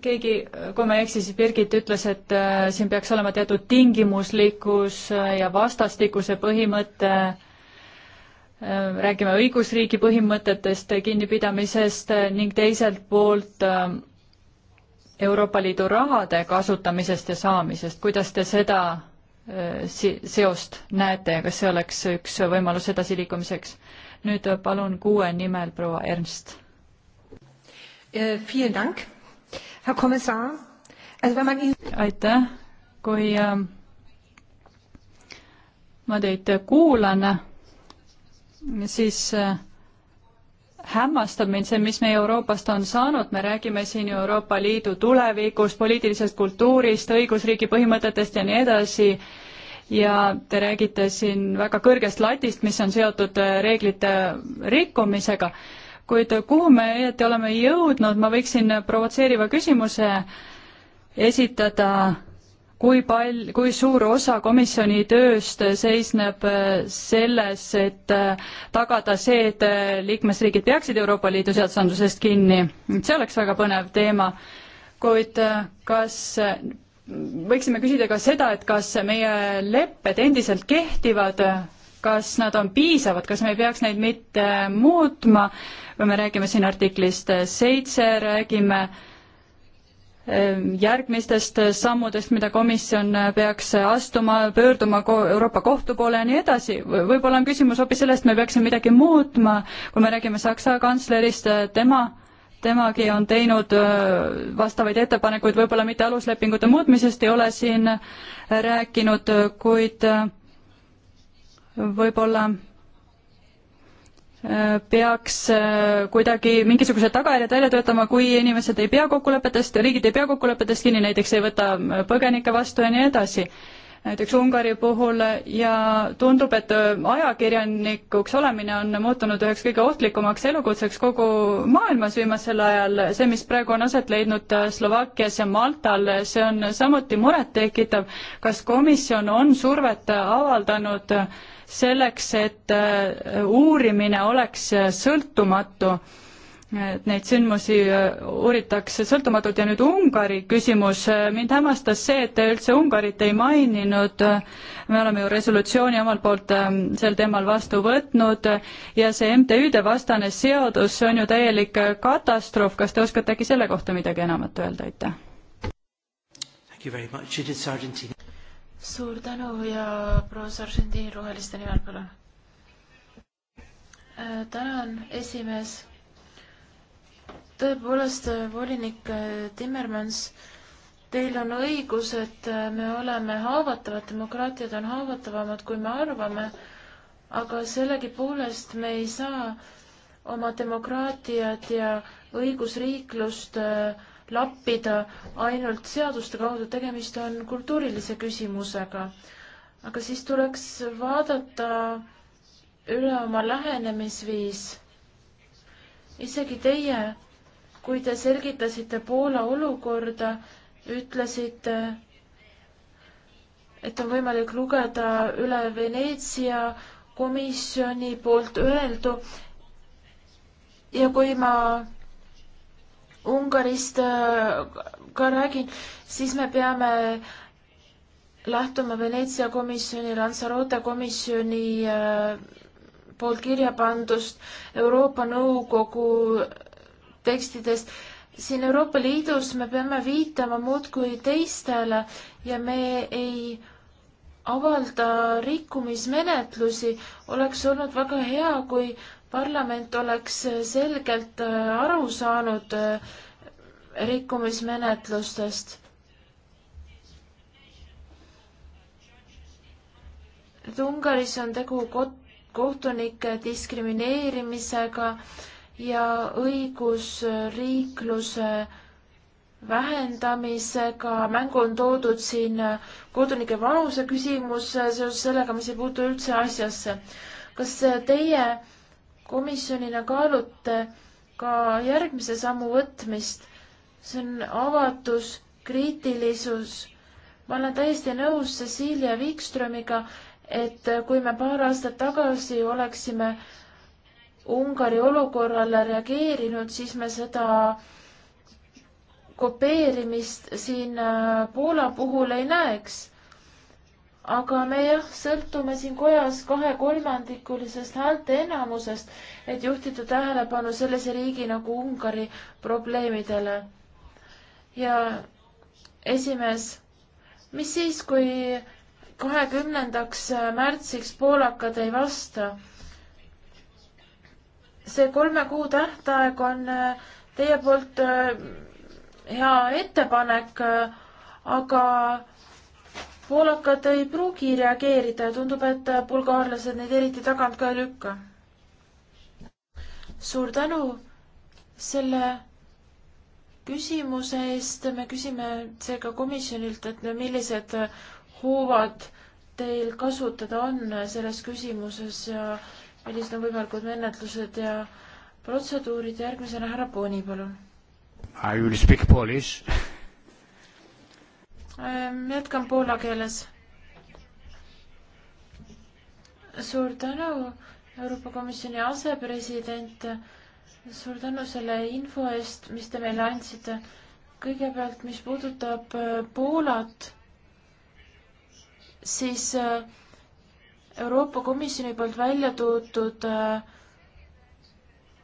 keegi, kui ma ei eksi, siis Birgit ütles, et äh, siin peaks olema teatud tingimuslikkus äh, ja vastastikuse põhimõte äh, Äh, räägime õigusriigi põhimõtetest kinnipidamisest äh, ning teiselt poolt äh, Euroopa Liidu rahade kasutamisest ja saamisest, kuidas te seda si-, seost näete ja kas see oleks üks võimalus edasiliikumiseks? nüüd palun kuue nimel proua Ernst. aitäh, kui ma teid kuulan siis äh, hämmastab mind see, mis meie Euroopast on saanud, me räägime siin ju Euroopa Liidu tulevikust, poliitilisest kultuurist, õigusriigi põhimõtetest ja nii edasi, ja te räägite siin väga kõrgest latist, mis on seotud äh, reeglite rikkumisega, kuid kuhu me õieti oleme jõudnud, ma võiksin provotseeriva küsimuse esitada kui pal-, kui suur osa komisjoni tööst seisneb äh, selles, et äh, tagada see, et äh, liikmesriigid peaksid Euroopa Liidu seadusandlusest kinni, see oleks väga põnev teema, kuid kas võiksime küsida ka seda, et kas meie lepped endiselt kehtivad, kas nad on piisavad, kas me ei peaks neid mitte muutma, kui me räägime siin artiklist seitse, räägime äh, Ehm, järgmistest eh, sammudest, mida komisjon eh, peaks eh, astuma, pöörduma ko-, Euroopa Kohtu poole ja nii edasi, võib-olla on küsimus hoopis selles, et me peaksime midagi muutma, kui me räägime Saksa kantslerist, tema temagi on teinud vastavaid ettepanekuid, võib-olla mitte aluslepingute muutmisest ei ole siin rääkinud, kuid võib-olla Äh, peaks äh, kuidagi mingisugused tagajärjed välja töötama, kui inimesed ei pea kokkulepetest, riigid ei pea kokkulepetest kinni, näiteks ei võta äh, põgenikke vastu ja nii edasi näiteks Ungari puhul ja tundub, et ajakirjanikuks olemine on muutunud üheks kõige ohtlikumaks elukutseks kogu maailmas viimasel ajal. see, mis praegu on aset leidnud Slovakkias ja Maltal, see on samuti murettekitav. kas komisjon on survet avaldanud selleks, et uurimine oleks sõltumatu? et neid sündmusi äh, uuritakse sõltumatult ja nüüd Ungari küsimus, mind hämmastas see, et te üldse Ungarit ei maininud, me oleme ju resolutsiooni omalt poolt ähm, sel teemal vastu võtnud ja see MTÜ-de vastane seadus, see on ju täielik äh, katastroof, kas te oskate äkki selle kohta midagi enamat öelda, aitäh? suur tänu ja proua Sargentini roheliste nimel, palun. Äh, tänan, esimees tõepoolest, äh, volinik äh, Timmermans, teil on õigus, et äh, me oleme haavatavad, demokraatiad on haavatavamad, kui me arvame, aga sellegipoolest me ei saa oma demokraatiat ja õigusriiklust lappida ainult seaduste kaudu, tegemist on kultuurilise küsimusega. aga siis tuleks vaadata üle oma lähenemisviis. isegi teie kui te selgitasite Poola olukorda, ütlesite, et on võimalik lugeda üle Veneetsia komisjoni poolt öeldu ja kui ma Ungarist äh, ka räägin, siis me peame lähtuma Veneetsia komisjoni, Lanzarote komisjoni äh, poolt kirja pandust Euroopa Nõukogu tekstidest. siin Euroopa Liidus me peame viitama muudkui teistele ja me ei avalda rikkumismenetlusi. oleks olnud väga hea, kui parlament oleks selgelt äh, aru saanud äh, rikkumismenetlustest. et Ungaris on tegu kohtunike diskrimineerimisega ja õigusriikluse vähendamisega, mängu on toodud siin kodanike vanuse küsimus seoses sellega, mis ei puutu üldse asjasse. kas teie komisjonina kaalute ka järgmise sammu võtmist? see on avatus, kriitilisus. ma olen täiesti nõus Cecilia Wikströmiga, et kui me paar aastat tagasi oleksime äh, Ungari olukorrale reageerinud, siis me seda kopeerimist siin äh, Poola puhul ei näeks. aga me jah, sõltume siin kojas kahekolmandikulisest häälte enamusest, et juhtida tähelepanu sellise riigi nagu Ungari probleemidele. ja esimees, mis siis, kui kahekümnendaks märtsiks poolakad ei vasta? see kolme kuu tähtaeg on äh, teie poolt äh, hea ettepanek, äh, aga poolakad ei pruugi reageerida ja tundub, et bulgaarlased neid eriti tagant ka ei lükka. suur tänu selle küsimuse eest, me küsime seega komisjonilt, et no millised hoovad teil kasutada on selles küsimuses ja äh, millised on võimalikud menetlused ja protseduurid, järgmisena härra Boni, palun. I will speak polish ähm, jätkan poola keeles. suur tänu, Euroopa Komisjoni asepresident, suur tänu selle info eest, mis te meile andsite. kõigepealt, mis puudutab äh, Poolat, siis äh, Euroopa Komisjoni poolt välja toodud äh,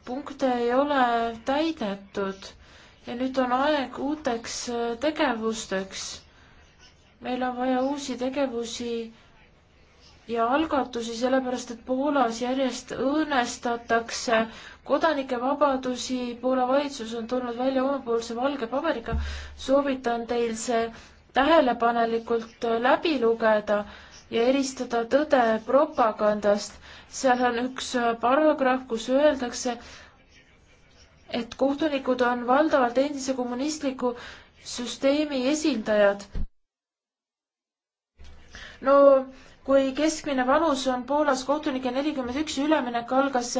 punkte ei ole täidetud ja nüüd on aeg uuteks äh, tegevusteks. meil on vaja uusi tegevusi ja algatusi, sellepärast et Poolas järjest õõnestatakse kodanike vabadusi, Poola valitsus on tulnud välja omapoolse valge paberiga, soovitan teil see tähelepanelikult äh, läbi lugeda ja eristada tõde propagandast. seal on üks äh, paragrahv, kus öeldakse, et kohtunikud on valdavalt endise kommunistliku süsteemi esindajad. no kui keskmine vanus on Poolas kohtunike nelikümmend üks ja üleminek algas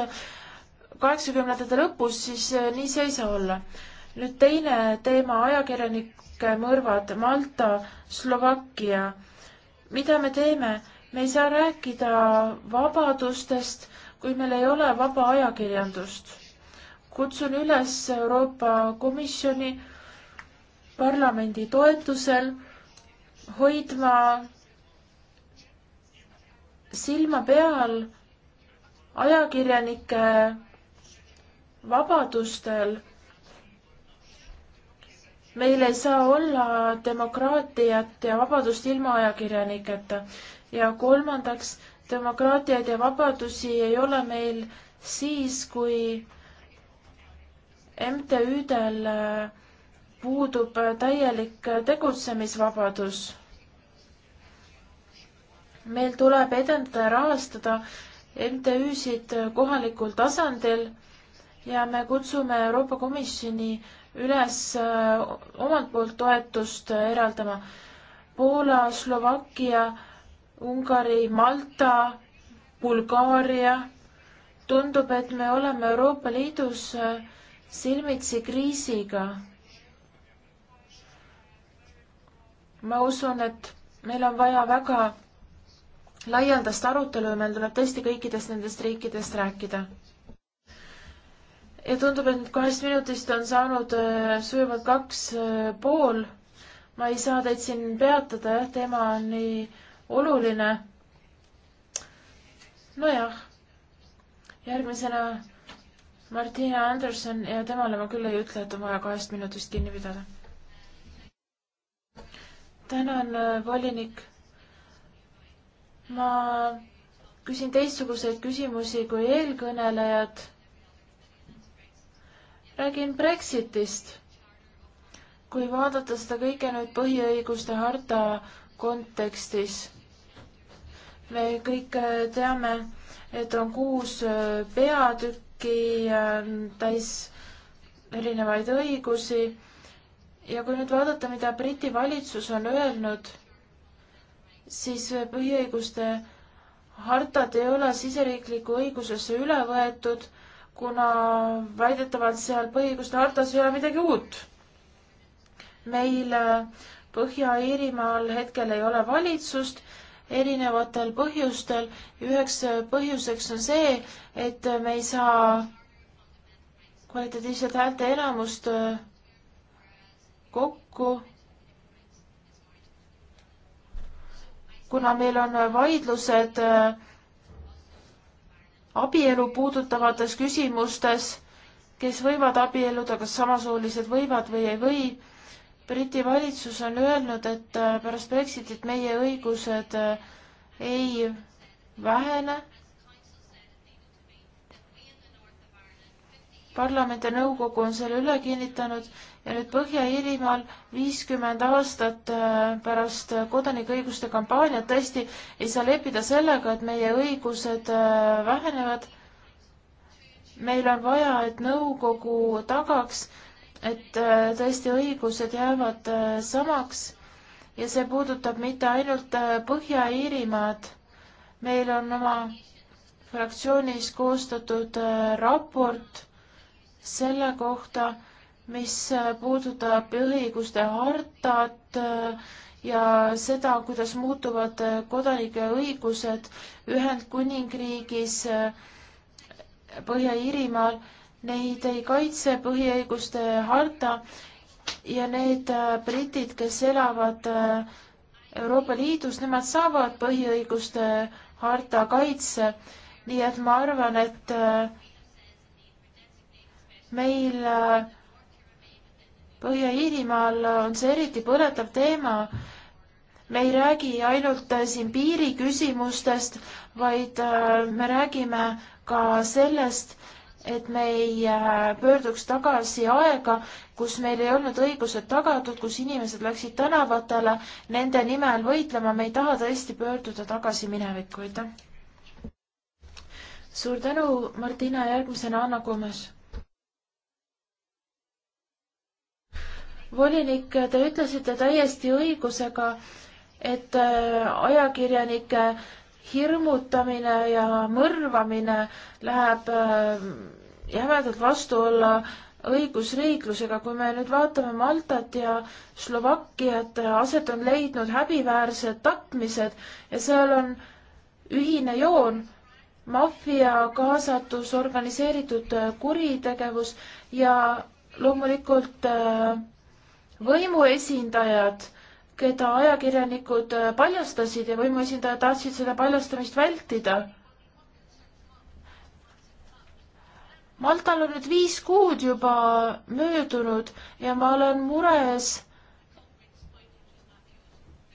kaheksakümnendate lõpus, siis äh, nii see ei saa olla. nüüd teine teema, ajakirjanike mõrvad, Malta, Slovakkia mida me teeme? me ei saa rääkida vabadustest, kui meil ei ole vaba ajakirjandust. kutsun üles Euroopa Komisjoni parlamendi toetusel hoidma silma peal ajakirjanike vabadustel meil ei saa olla demokraatiat ja vabadust ilma ajakirjaniketa. ja kolmandaks, demokraatiaid ja vabadusi ei ole meil siis, kui MTÜ-del äh, puudub täielik tegutsemisvabadus. meil tuleb edendada ja rahastada MTÜ-sid kohalikul tasandil ja me kutsume Euroopa Komisjoni üles äh, omalt poolt toetust äh, eraldama. Poola, Slovakkia, Ungari, Malta, Bulgaaria. tundub, et me oleme Euroopa Liidus äh, silmitsi kriisiga. ma usun, et meil on vaja väga laialdast arutelu ja meil tuleb tõesti kõikidest nendest riikidest rääkida ja tundub, et nüüd kahest minutist on saanud äh, sujuvalt kaks äh, pool. ma ei saa teid siin peatada, jah, teema on nii oluline. nojah, järgmisena Martina Anderson ja temale ma küll ei ütle, et on vaja kahest minutist kinni pidada. tänan, äh, volinik. ma küsin teistsuguseid küsimusi kui eelkõnelejad räägin Brexitist. kui vaadata seda kõike nüüd põhiõiguste harta kontekstis, me kõik äh, teame, et on kuus äh, peatükki äh, täis erinevaid õigusi ja kui nüüd vaadata, mida Briti valitsus on öelnud, siis põhiõiguste hartad ei ole siseriiklikku õigusesse üle võetud kuna väidetavalt seal põhiõiguste hartas ei ole midagi uut. meil Põhja-Iirimaal hetkel ei ole valitsust erinevatel põhjustel. üheks põhjuseks on see, et me ei saa kvalitatiivset häälte enamust äh, kokku. kuna meil on vaidlused äh, abielu puudutavates küsimustes, kes võivad abielluda, kas samasoolised võivad või ei või. Briti valitsus on öelnud, et äh, pärast Brexitit meie õigused äh, ei vähene parlament ja nõukogu on selle üle kinnitanud ja nüüd Põhja-Iirimaal viiskümmend aastat äh, pärast äh, kodanikuõiguste kampaaniat tõesti ei saa leppida sellega, et meie õigused äh, vähenevad. meil on vaja, et nõukogu tagaks, et tõesti õigused jäävad samaks ja see puudutab mitte ainult Põhja-Iirimaad. meil on oma fraktsioonis koostatud raport selle kohta, mis puudutab põhiõiguste hartat äh, ja seda, kuidas muutuvad äh, kodanike õigused Ühendkuningriigis, äh, Põhja-Iirimaal, neid ei kaitse põhiõiguste harta ja need britid, kes elavad Euroopa Liidus, nemad saavad põhiõiguste harta kaitse. nii et ma arvan, et meil äh, Põhja-Iirimaal on see eriti põletav teema. me ei räägi ainult äh, siin piiriküsimustest, vaid äh, me räägime ka sellest, et me ei pöörduks tagasi aega, kus meil ei olnud õigused tagatud, kus inimesed läksid tänavatele nende nimel võitlema, me ei taha tõesti pöörduda tagasi minevikku, aitäh. suur tänu, Martina, järgmisena Anna Kumes volinik, te ütlesite täiesti õigusega, et äh, ajakirjanike hirmutamine ja mõrvamine läheb äh, jämedalt vastuolla õigusriiklusega, kui me nüüd vaatame Maltat ja Slovakkiat, aset on leidnud häbiväärsed tapmised ja seal on ühine joon, maffia kaasatus, organiseeritud äh, kuritegevus ja loomulikult äh, võimuesindajad, keda ajakirjanikud äh, paljastasid ja võimuesindajad tahtsid seda paljastamist vältida. Maltal on nüüd viis kuud juba möödunud ja ma olen mures,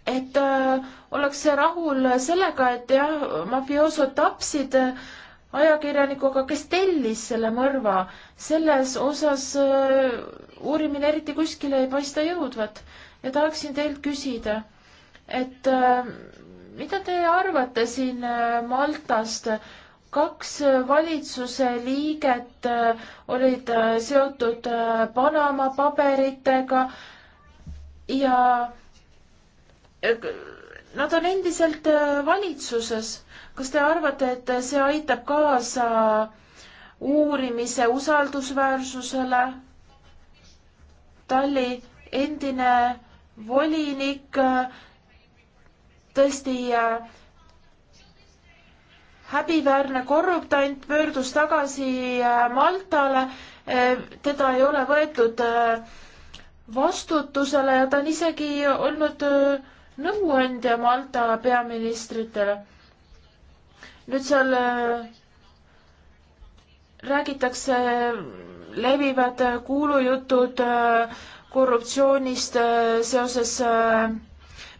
et äh, ollakse rahul sellega, et jah, mafioosod tapsid äh, ajakirjanikuga, kes tellis selle mõrva, selles osas äh, uurimine eriti kuskile ei paista jõudvat ja tahaksin teilt küsida, et äh, mida te arvate siin äh, Maltast? kaks valitsuse liiget äh, olid äh, seotud äh, Panama paberitega ja äh, nad on endiselt valitsuses. kas te arvate, et see aitab kaasa uurimise usaldusväärsusele? Talli endine volinik äh, tõesti äh, häbiväärne korruptant pöördus tagasi äh, Maltale, teda ei ole võetud vastutusele ja ta on isegi olnud nõuandja Malta peaministritele. nüüd seal räägitakse levivad äh, kuulujutud äh, korruptsioonist äh, seoses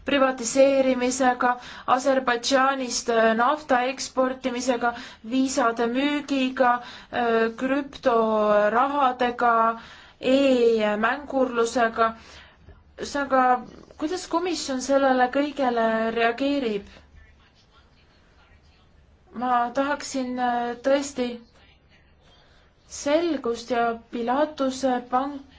privatiseerimisega, Aserbaidžaanist nafta eksportimisega, viisade müügiga, krüptorahadega e, e-mängurlusega. ühesõnaga, kuidas komisjon sellele kõigele reageerib? ma tahaksin tõesti selgust ja Pilatuse pank,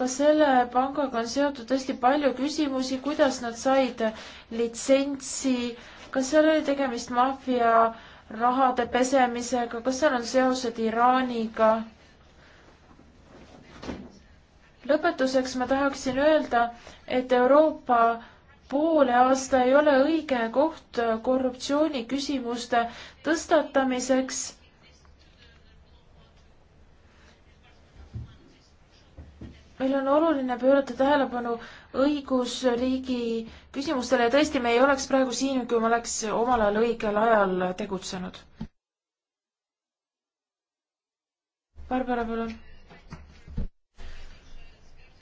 ka selle pangaga on seotud hästi palju küsimusi, kuidas nad said litsentsi, kas seal oli tegemist maffia rahade pesemisega, kas seal on seosed Iraaniga? lõpetuseks ma tahaksin öelda, et Euroopa poole aasta ei ole õige koht korruptsiooniküsimuste tõstatamiseks meil on oluline pöörata tähelepanu õigusriigi küsimustele ja tõesti, me ei oleks praegu siin, kui me oleks omal ajal õigel ajal tegutsenud. Barbara, palun.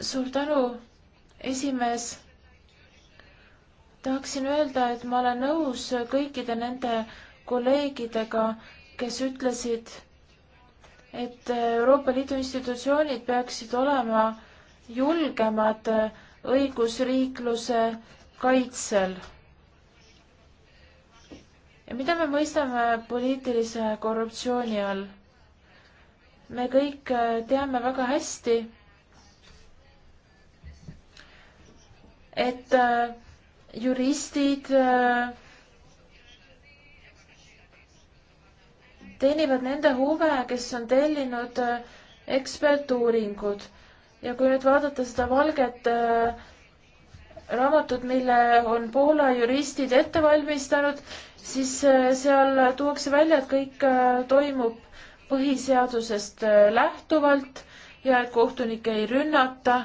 suur tänu, esimees. tahaksin öelda, et ma olen nõus kõikide nende kolleegidega, kes ütlesid, et Euroopa Liidu institutsioonid peaksid olema julgemad õigusriikluse kaitsel. ja mida me mõistame poliitilise korruptsiooni all? me kõik äh, teame väga hästi, et äh, juristid äh, teenivad nende huve, kes on tellinud ekspertuuringud ja kui nüüd vaadata seda valget äh, raamatut, mille on Poola juristid ette valmistanud, siis äh, seal tuuakse välja, et kõik äh, toimub põhiseadusest lähtuvalt ja et kohtunikke ei rünnata.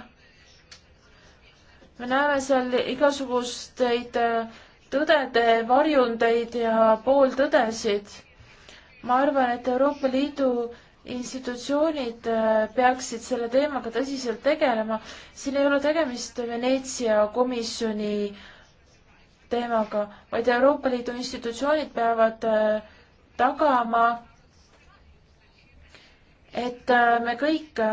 me näeme seal igasugusteid tõdede varjundeid ja pooltõdesid. ma arvan, et Euroopa Liidu institutsioonid äh, peaksid selle teemaga tõsiselt tegelema. siin ei ole tegemist Veneetsia komisjoni teemaga, vaid Euroopa Liidu institutsioonid peavad äh, tagama, et äh, me kõik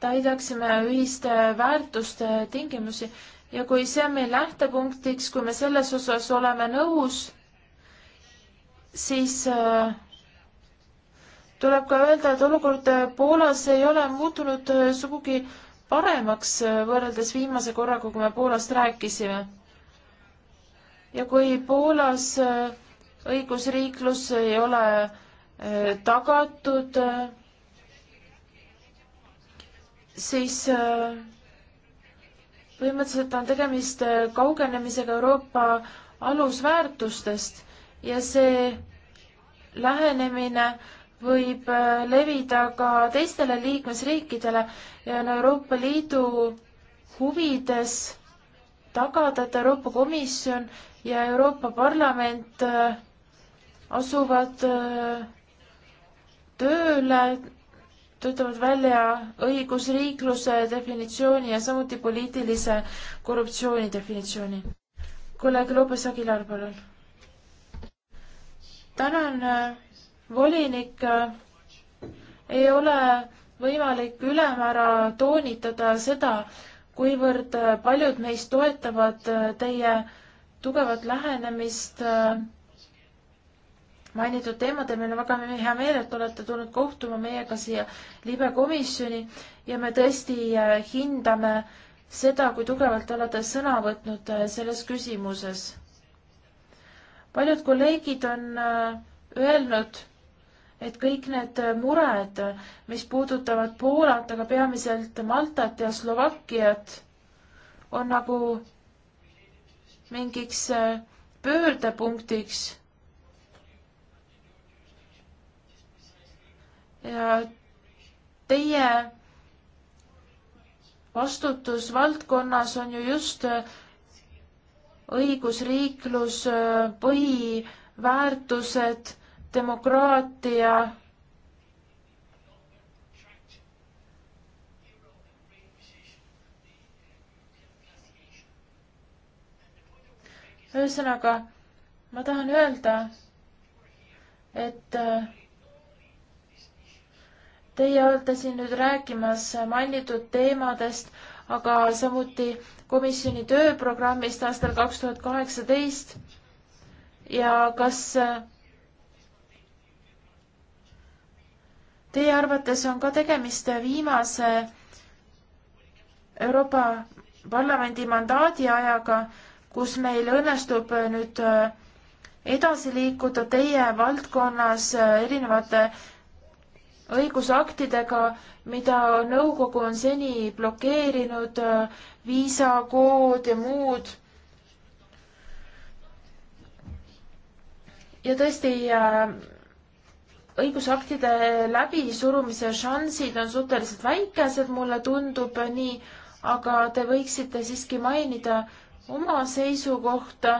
täidaksime ühiste väärtuste tingimusi ja kui see on meil lähtepunktiks, kui me selles osas oleme nõus, siis äh, tuleb ka öelda, et olukord Poolas ei ole muutunud äh, sugugi paremaks äh, võrreldes viimase korraga, kui me Poolast rääkisime. ja kui Poolas äh, õigusriiklus ei ole tagatud, siis põhimõtteliselt on tegemist kaugenemisega Euroopa alusväärtustest ja see lähenemine võib äh, levida ka teistele liikmesriikidele ja on Euroopa Liidu huvides tagada, et Euroopa Komisjon ja Euroopa Parlament äh, asuvad äh, tööle, töötavad välja õigusriikluse definitsiooni ja samuti poliitilise korruptsiooni definitsiooni. kolleeg Lopes Agilar, palun. tänan volinik, ei ole võimalik ülemäära toonitada seda, kuivõrd paljud meist toetavad teie tugevat lähenemist äh, mainitud teemadel. meil on väga hea meel, et olete tulnud kohtuma meiega siia libe komisjoni ja me tõesti äh, hindame seda, kui tugevalt te olete sõna võtnud äh, selles küsimuses. paljud kolleegid on öelnud et kõik need mured, mis puudutavad Poolat, aga peamiselt Maltat ja Slovakkiat, on nagu mingiks äh, pöördepunktiks. ja teie vastutusvaldkonnas on ju just äh, õigusriiklus, äh, põhiväärtused demokraatia ühesõnaga, ma tahan öelda, et äh, teie olete siin nüüd rääkimas mainitud teemadest, aga samuti komisjoni tööprogrammist aastal kaks tuhat kaheksateist ja kas äh, Teie arvates on ka tegemist viimase Euroopa Parlamendi mandaadi ajaga, kus meil õnnestub nüüd äh, edasi liikuda teie valdkonnas äh, erinevate õigusaktidega, mida nõukogu on seni blokeerinud, äh, viisakood ja muud. ja tõesti õigusaktide läbisurumise šansid on suhteliselt väikesed, mulle tundub nii, aga te võiksite siiski mainida oma seisukohta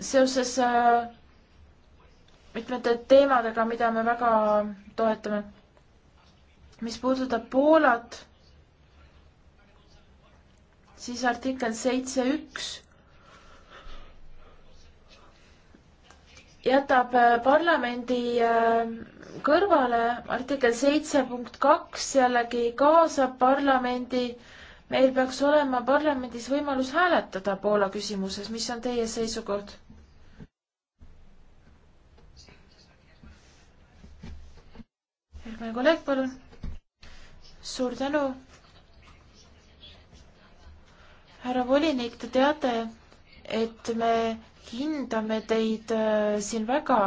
seoses äh, mitmete teemadega, mida me väga toetame. mis puudutab Poolat, siis artikkel seitse üks jätab äh, parlamendi äh, kõrvale artikkel seitse punkt kaks jällegi kaasab parlamendi. meil peaks olema parlamendis võimalus hääletada Poola küsimuses, mis on teie seisukoht? järgmine kolleeg, palun. suur tänu. härra volinik, te teate, et me hindame teid äh, siin väga.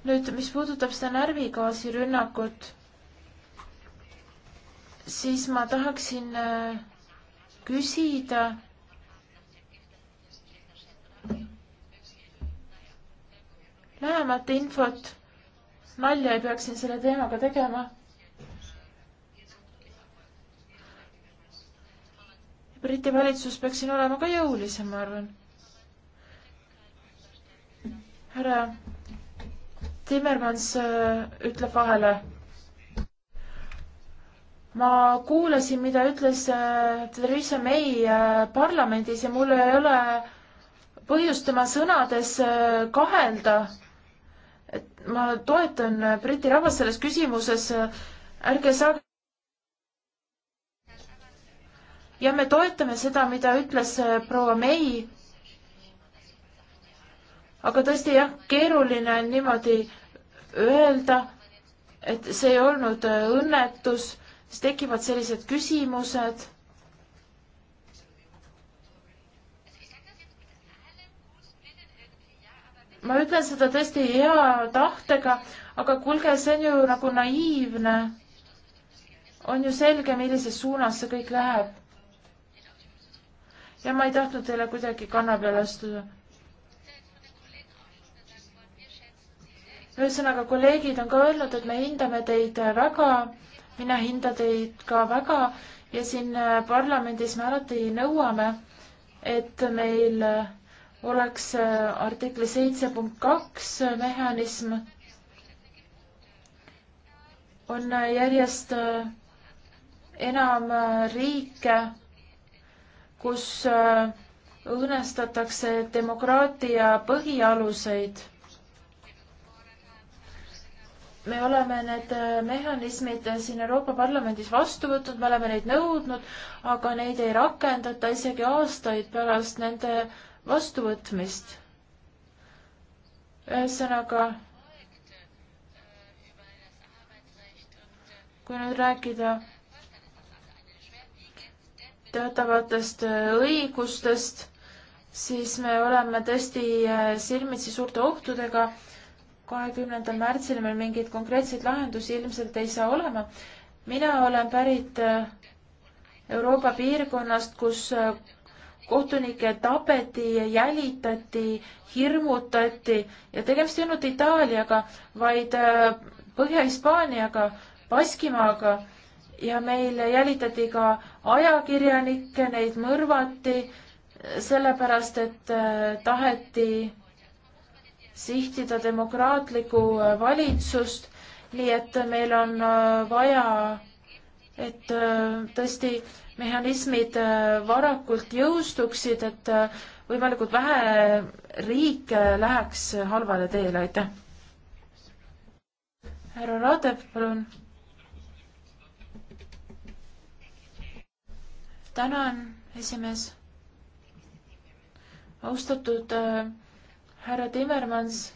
nüüd, mis puudutab seda närvigaasirünnakut, siis ma tahaksin äh, küsida lähemat infot. nalja ei peaks siin selle teemaga tegema Briti valitsus peaks siin olema ka jõulisem, ma arvan. härra Timmermans äh, ütleb vahele. ma kuulasin, mida ütles äh, Theresa May äh, parlamendis ja mul ei ole põhjust tema sõnades kahelda. et ma toetan Briti rahvast selles küsimuses. ärge saage ja me toetame seda, mida ütles äh, proua May. aga tõesti jah, keeruline on niimoodi öelda, et see ei olnud äh, õnnetus, siis tekivad sellised küsimused ma ütlen seda tõesti hea tahtega, aga kuulge, see on ju nagu naiivne. on ju selge, millises suunas see kõik läheb ja ma ei tahtnud teile kuidagi kanna peale astuda. ühesõnaga, kolleegid on ka öelnud, et me hindame teid väga, mina hindan teid ka väga ja siin parlamendis me alati nõuame, et meil oleks artikli seitse punkt kaks mehhanism on järjest enam riike kus äh, õõnestatakse demokraatia põhialuseid. me oleme need äh, mehhanismid äh, siin Euroopa Parlamendis vastu võtnud, me oleme neid nõudnud, aga neid ei rakendata isegi aastaid pärast nende vastuvõtmist. ühesõnaga, kui nüüd rääkida teatavatest äh, õigustest, siis me oleme tõesti äh, silmitsi suurte ohtudega. kahekümnendal märtsil meil mingeid konkreetseid lahendusi ilmselt ei saa olema. mina olen pärit äh, Euroopa piirkonnast, kus kohtunikke tapeti, jälitati, hirmutati ja tegemist ei olnud Itaaliaga, vaid Põhja-Hispaaniaga, Baskimaaga ja meil jälitati ka ajakirjanikke, neid mõrvati sellepärast, et äh, taheti sihtida demokraatlikku äh, valitsust, nii et meil on äh, vaja, et tõesti mehhanismid varakult jõustuksid, et võimalikult vähe riike läheks halvale teele, aitäh. härra Radev, palun tänan, esimees. austatud äh, härra Timmermans,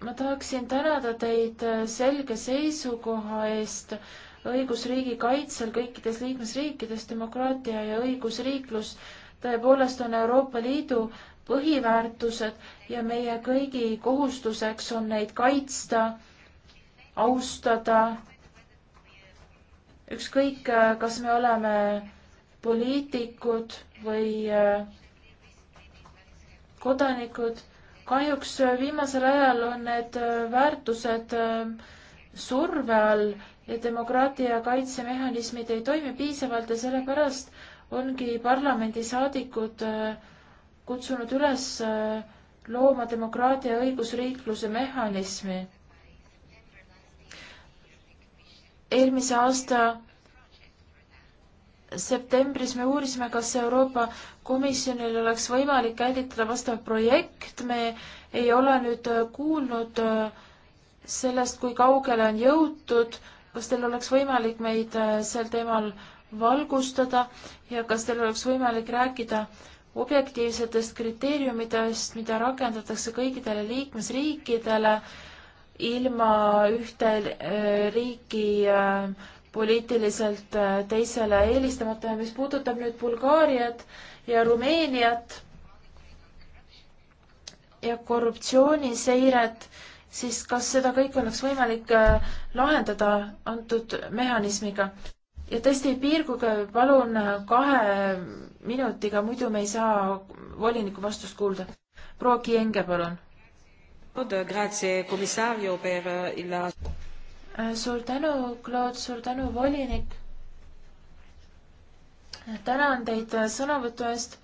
ma tahaksin tänada teid äh, selge seisukoha eest õigusriigi kaitsel kõikides liikmesriikides demokraatia ja õigusriiklus tõepoolest on Euroopa Liidu põhiväärtused ja meie kõigi kohustuseks on neid kaitsta, austada ükskõik, äh, kas me oleme poliitikud või äh, kodanikud, kahjuks äh, viimasel ajal on need väärtused surve all ja demokraatia kaitsemehhanismid ei toimi piisavalt ja sellepärast ongi parlamendisaadikud kutsunud üles looma demokraatia ja õigusriikluse mehhanismi eelmise aasta septembris me uurisime, kas Euroopa Komisjonil oleks võimalik käivitada vastav projekt, me ei ole nüüd kuulnud äh, sellest, kui kaugele on jõutud, kas teil oleks võimalik meid äh, sel teemal valgustada ja kas teil oleks võimalik rääkida objektiivsetest kriteeriumidest, mida rakendatakse kõikidele liikmesriikidele äh, ilma ühte äh, riiki äh, poliitiliselt äh, teisele eelistamata ja mis puudutab nüüd Bulgaariat ja Rumeeniat ja korruptsiooniseiret, siis kas seda kõike oleks võimalik lahendada antud mehhanismiga? ja tõesti, piirguge palun kahe minutiga, muidu me ei saa voliniku vastust kuulda. proua Kienge, palun Eh, eh, suur tänu, Claude, suur tänu, volinik. tänan teid eh, sõnavõtu eest.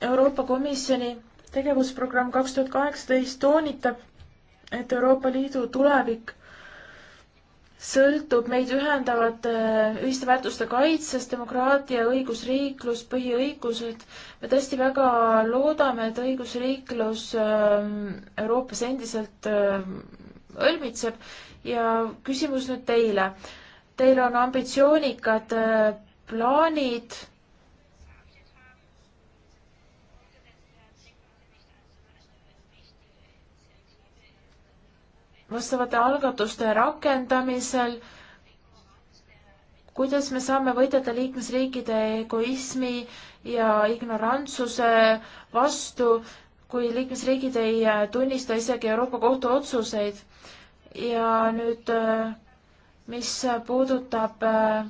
Euroopa Komisjoni tegevusprogramm kaks tuhat kaheksateist toonitab, et Euroopa Liidu tulevik sõltub meid ühendavate äh, ühiste väärtuste kaitsest, demokraatia, õigusriiklus, põhiõigused. me tõesti väga loodame, et õigusriiklus ähm, Euroopas endiselt äh, õlmitseb ja küsimus nüüd teile. Teil on ambitsioonikad äh, plaanid vastavate algatuste rakendamisel, kuidas me saame võidelda liikmesriikide egoismi ja ignorantsuse vastu, kui liikmesriigid ei äh, tunnista isegi Euroopa Kohtu otsuseid. ja nüüd, äh, mis puudutab äh,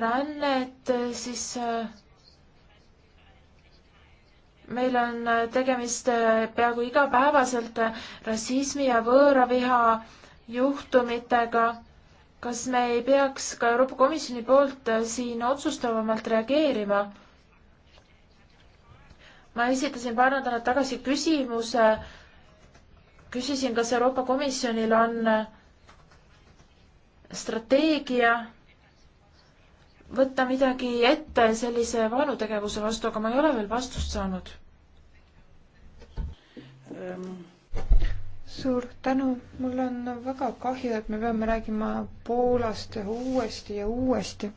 rännet, siis äh, meil on äh, tegemist äh, peaaegu igapäevaselt äh, rassismi ja võõraviha juhtumitega. kas me ei peaks ka Euroopa Komisjoni poolt siin otsustavamalt reageerima? ma esitasin paar nädalat tagasi küsimuse, küsisin, kas Euroopa Komisjonil on strateegia võtta midagi ette sellise vaenutegevuse vastu, aga ma ei ole veel vastust saanud. Ähm. suur tänu, mul on väga kahju, et me peame rääkima Poolast uuesti ja uuesti.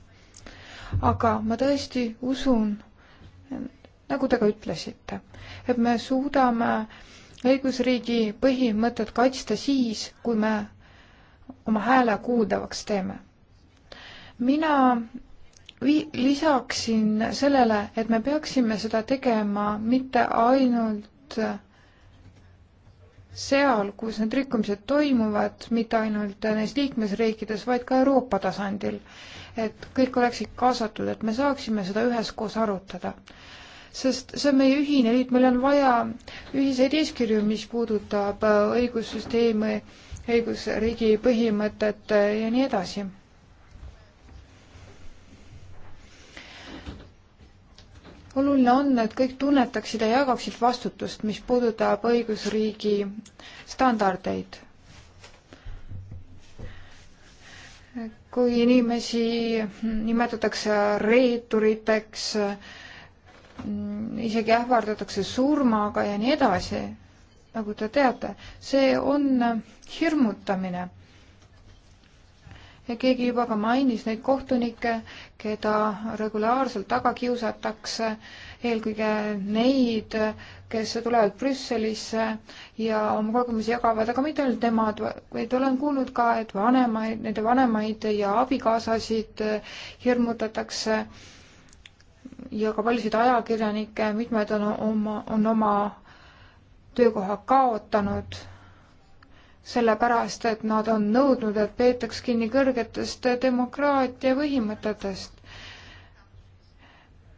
aga ma tõesti usun, nagu te ka ütlesite, et me suudame õigusriigi põhimõtet kaitsta siis, kui me oma hääle kuuldavaks teeme. mina vi-, lisaksin sellele, et me peaksime seda tegema mitte ainult seal, kus need rikkumised toimuvad, mitte ainult neis liikmesriikides, vaid ka Euroopa tasandil. et kõik oleksid kaasatud, et me saaksime seda üheskoos arutada. sest see on meie ühine liit, meil on vaja ühiseid eeskirju, mis puudutab õigussüsteemi, õigusriigi põhimõtet ja nii edasi oluline on, et kõik tunnetaksid ja jagaksid vastutust, mis puudutab õigusriigi standardeid. kui inimesi nimetatakse reeturiteks, isegi ähvardatakse surmaga ja nii edasi, nagu te teate, see on hirmutamine keegi juba ka mainis neid kohtunikke, keda regulaarselt taga kiusatakse, eelkõige neid, kes tulevad Brüsselisse ja oma kogemusi jagavad, aga mitte ainult nemad, vaid olen kuulnud ka, et vanemaid, nende vanemaid ja abikaasasid hirmutatakse ja ka paljusid ajakirjanikke, mitmed on oma, on oma töökoha kaotanud sellepärast, et nad on nõudnud, et peetaks kinni kõrgetest demokraatia põhimõtetest.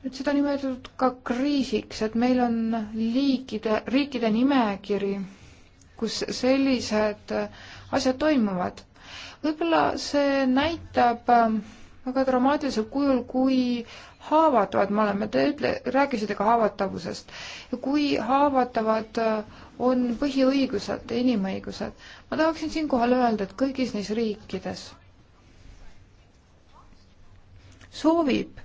et seda on nimetatud ka kriisiks, et meil on liikide, riikide nimekiri, kus sellised asjad toimuvad. võib-olla see näitab ähm, väga dramaatilisel kujul, kui haavatavad me oleme, te ütle, rääkisite ka haavatavusest. kui haavatavad äh, on põhiõigused, inimõigused. ma tahaksin siinkohal öelda, et kõigis neis riikides soovib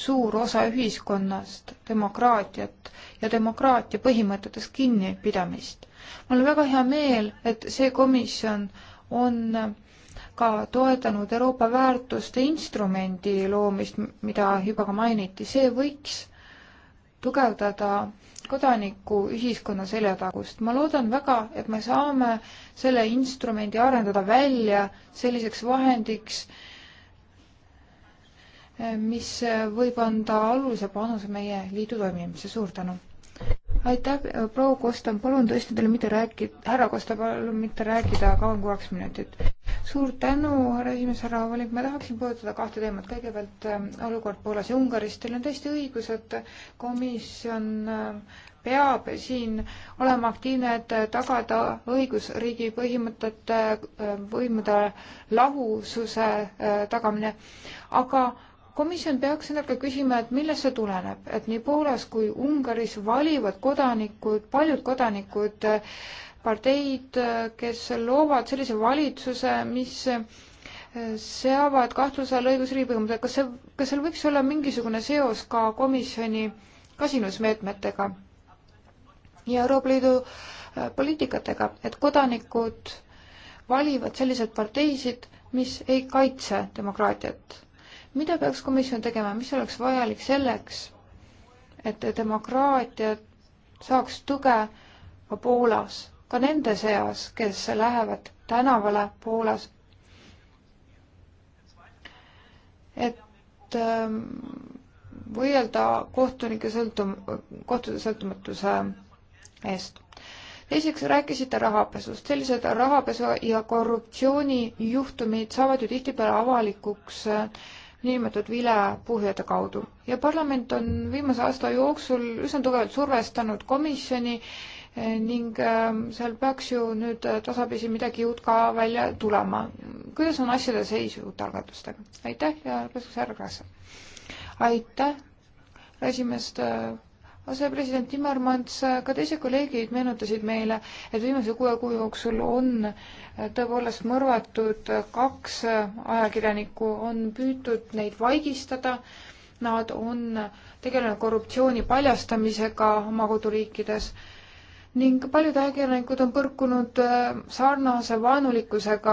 suur osa ühiskonnast demokraatiat ja demokraatia põhimõtetest kinnipidamist. mul on väga hea meel, et see komisjon on ka toetanud Euroopa väärtuste instrumendi loomist, mida juba ka mainiti, see võiks tugevdada kodanikuühiskonna seljatagust. ma loodan väga, et me saame selle instrumendi arendada välja selliseks vahendiks, mis võib anda aluse panuse meie liidu toimimisse. suur tänu! aitäh, proua Kosta, palun tõesti teil mitte rääkida, härra Kosta, palun mitte rääkida kauem kui kaks minutit suur tänu, härra esimees, härra Valink, ma tahaksin puudutada kahte teemat, kõigepealt äh, olukord Poolas ja Ungaris, teil on täiesti õigus, et komisjon äh, peab siin olema aktiivne, et tagada õigusriigi põhimõtete, ähm, võimude lahususe äh, tagamine. aga komisjon peaks endalt ka küsima, et millest see tuleneb, et nii Poolas kui Ungaris valivad kodanikud, paljud kodanikud äh, parteid, kes loovad sellise valitsuse, mis seavad kahtluse alla õigusriigi põhimõtted, kas see, kas seal võiks olla mingisugune seos ka komisjoni kasinusmeetmetega ja Euroopa Liidu äh, poliitikatega, et kodanikud valivad selliseid parteisid, mis ei kaitse demokraatiat. mida peaks komisjon tegema, mis oleks vajalik selleks, et demokraatia saaks tuge ka Poolas? ka nende seas, kes lähevad tänavale Poolas. et ähm, võidelda kohtunike sõltum-, kohtade sõltumatuse eest. teiseks rääkisite rahapesust. sellised rahapesu ja korruptsioonijuhtumid saavad ju tihtipeale avalikuks äh, niinimetatud vilepuhjade kaudu ja parlament on viimase aasta jooksul üsna tugevalt survestanud komisjoni ning ähm, seal peaks ju nüüd äh, tasapisi midagi uut ka välja tulema. kuidas on asjade seis uute algatustega? aitäh ja lõpetuseks härra Krasa. aitäh, esimest äh, asepresident Timmermans, ka teised kolleegid meenutasid meile, et viimase kuue kuu jooksul on äh, tõepoolest mõrvatud kaks ajakirjanikku, on püütud neid vaigistada nad on tegelenud korruptsiooni paljastamisega oma koduriikides ning paljud ajakirjanikud on põrkunud äh, sarnase vaenulikkusega,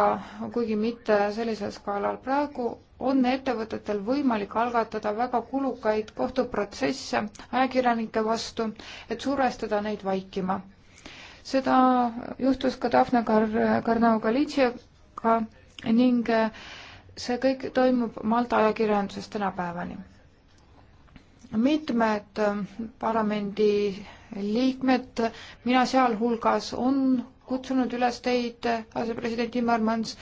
kuigi mitte sellisel skaalal. praegu on ettevõtetel võimalik algatada väga kulukaid kohtuprotsesse ajakirjanike vastu, et survestada neid vaikima. seda juhtus ka Daphne Kar-, Karnau-Galitšiaga ning äh, see kõik toimub Malta ajakirjanduses tänapäevani mitmed ähm, parlamendi liikmed, mina sealhulgas, on kutsunud üles teid, äh, asepresident Timmermans,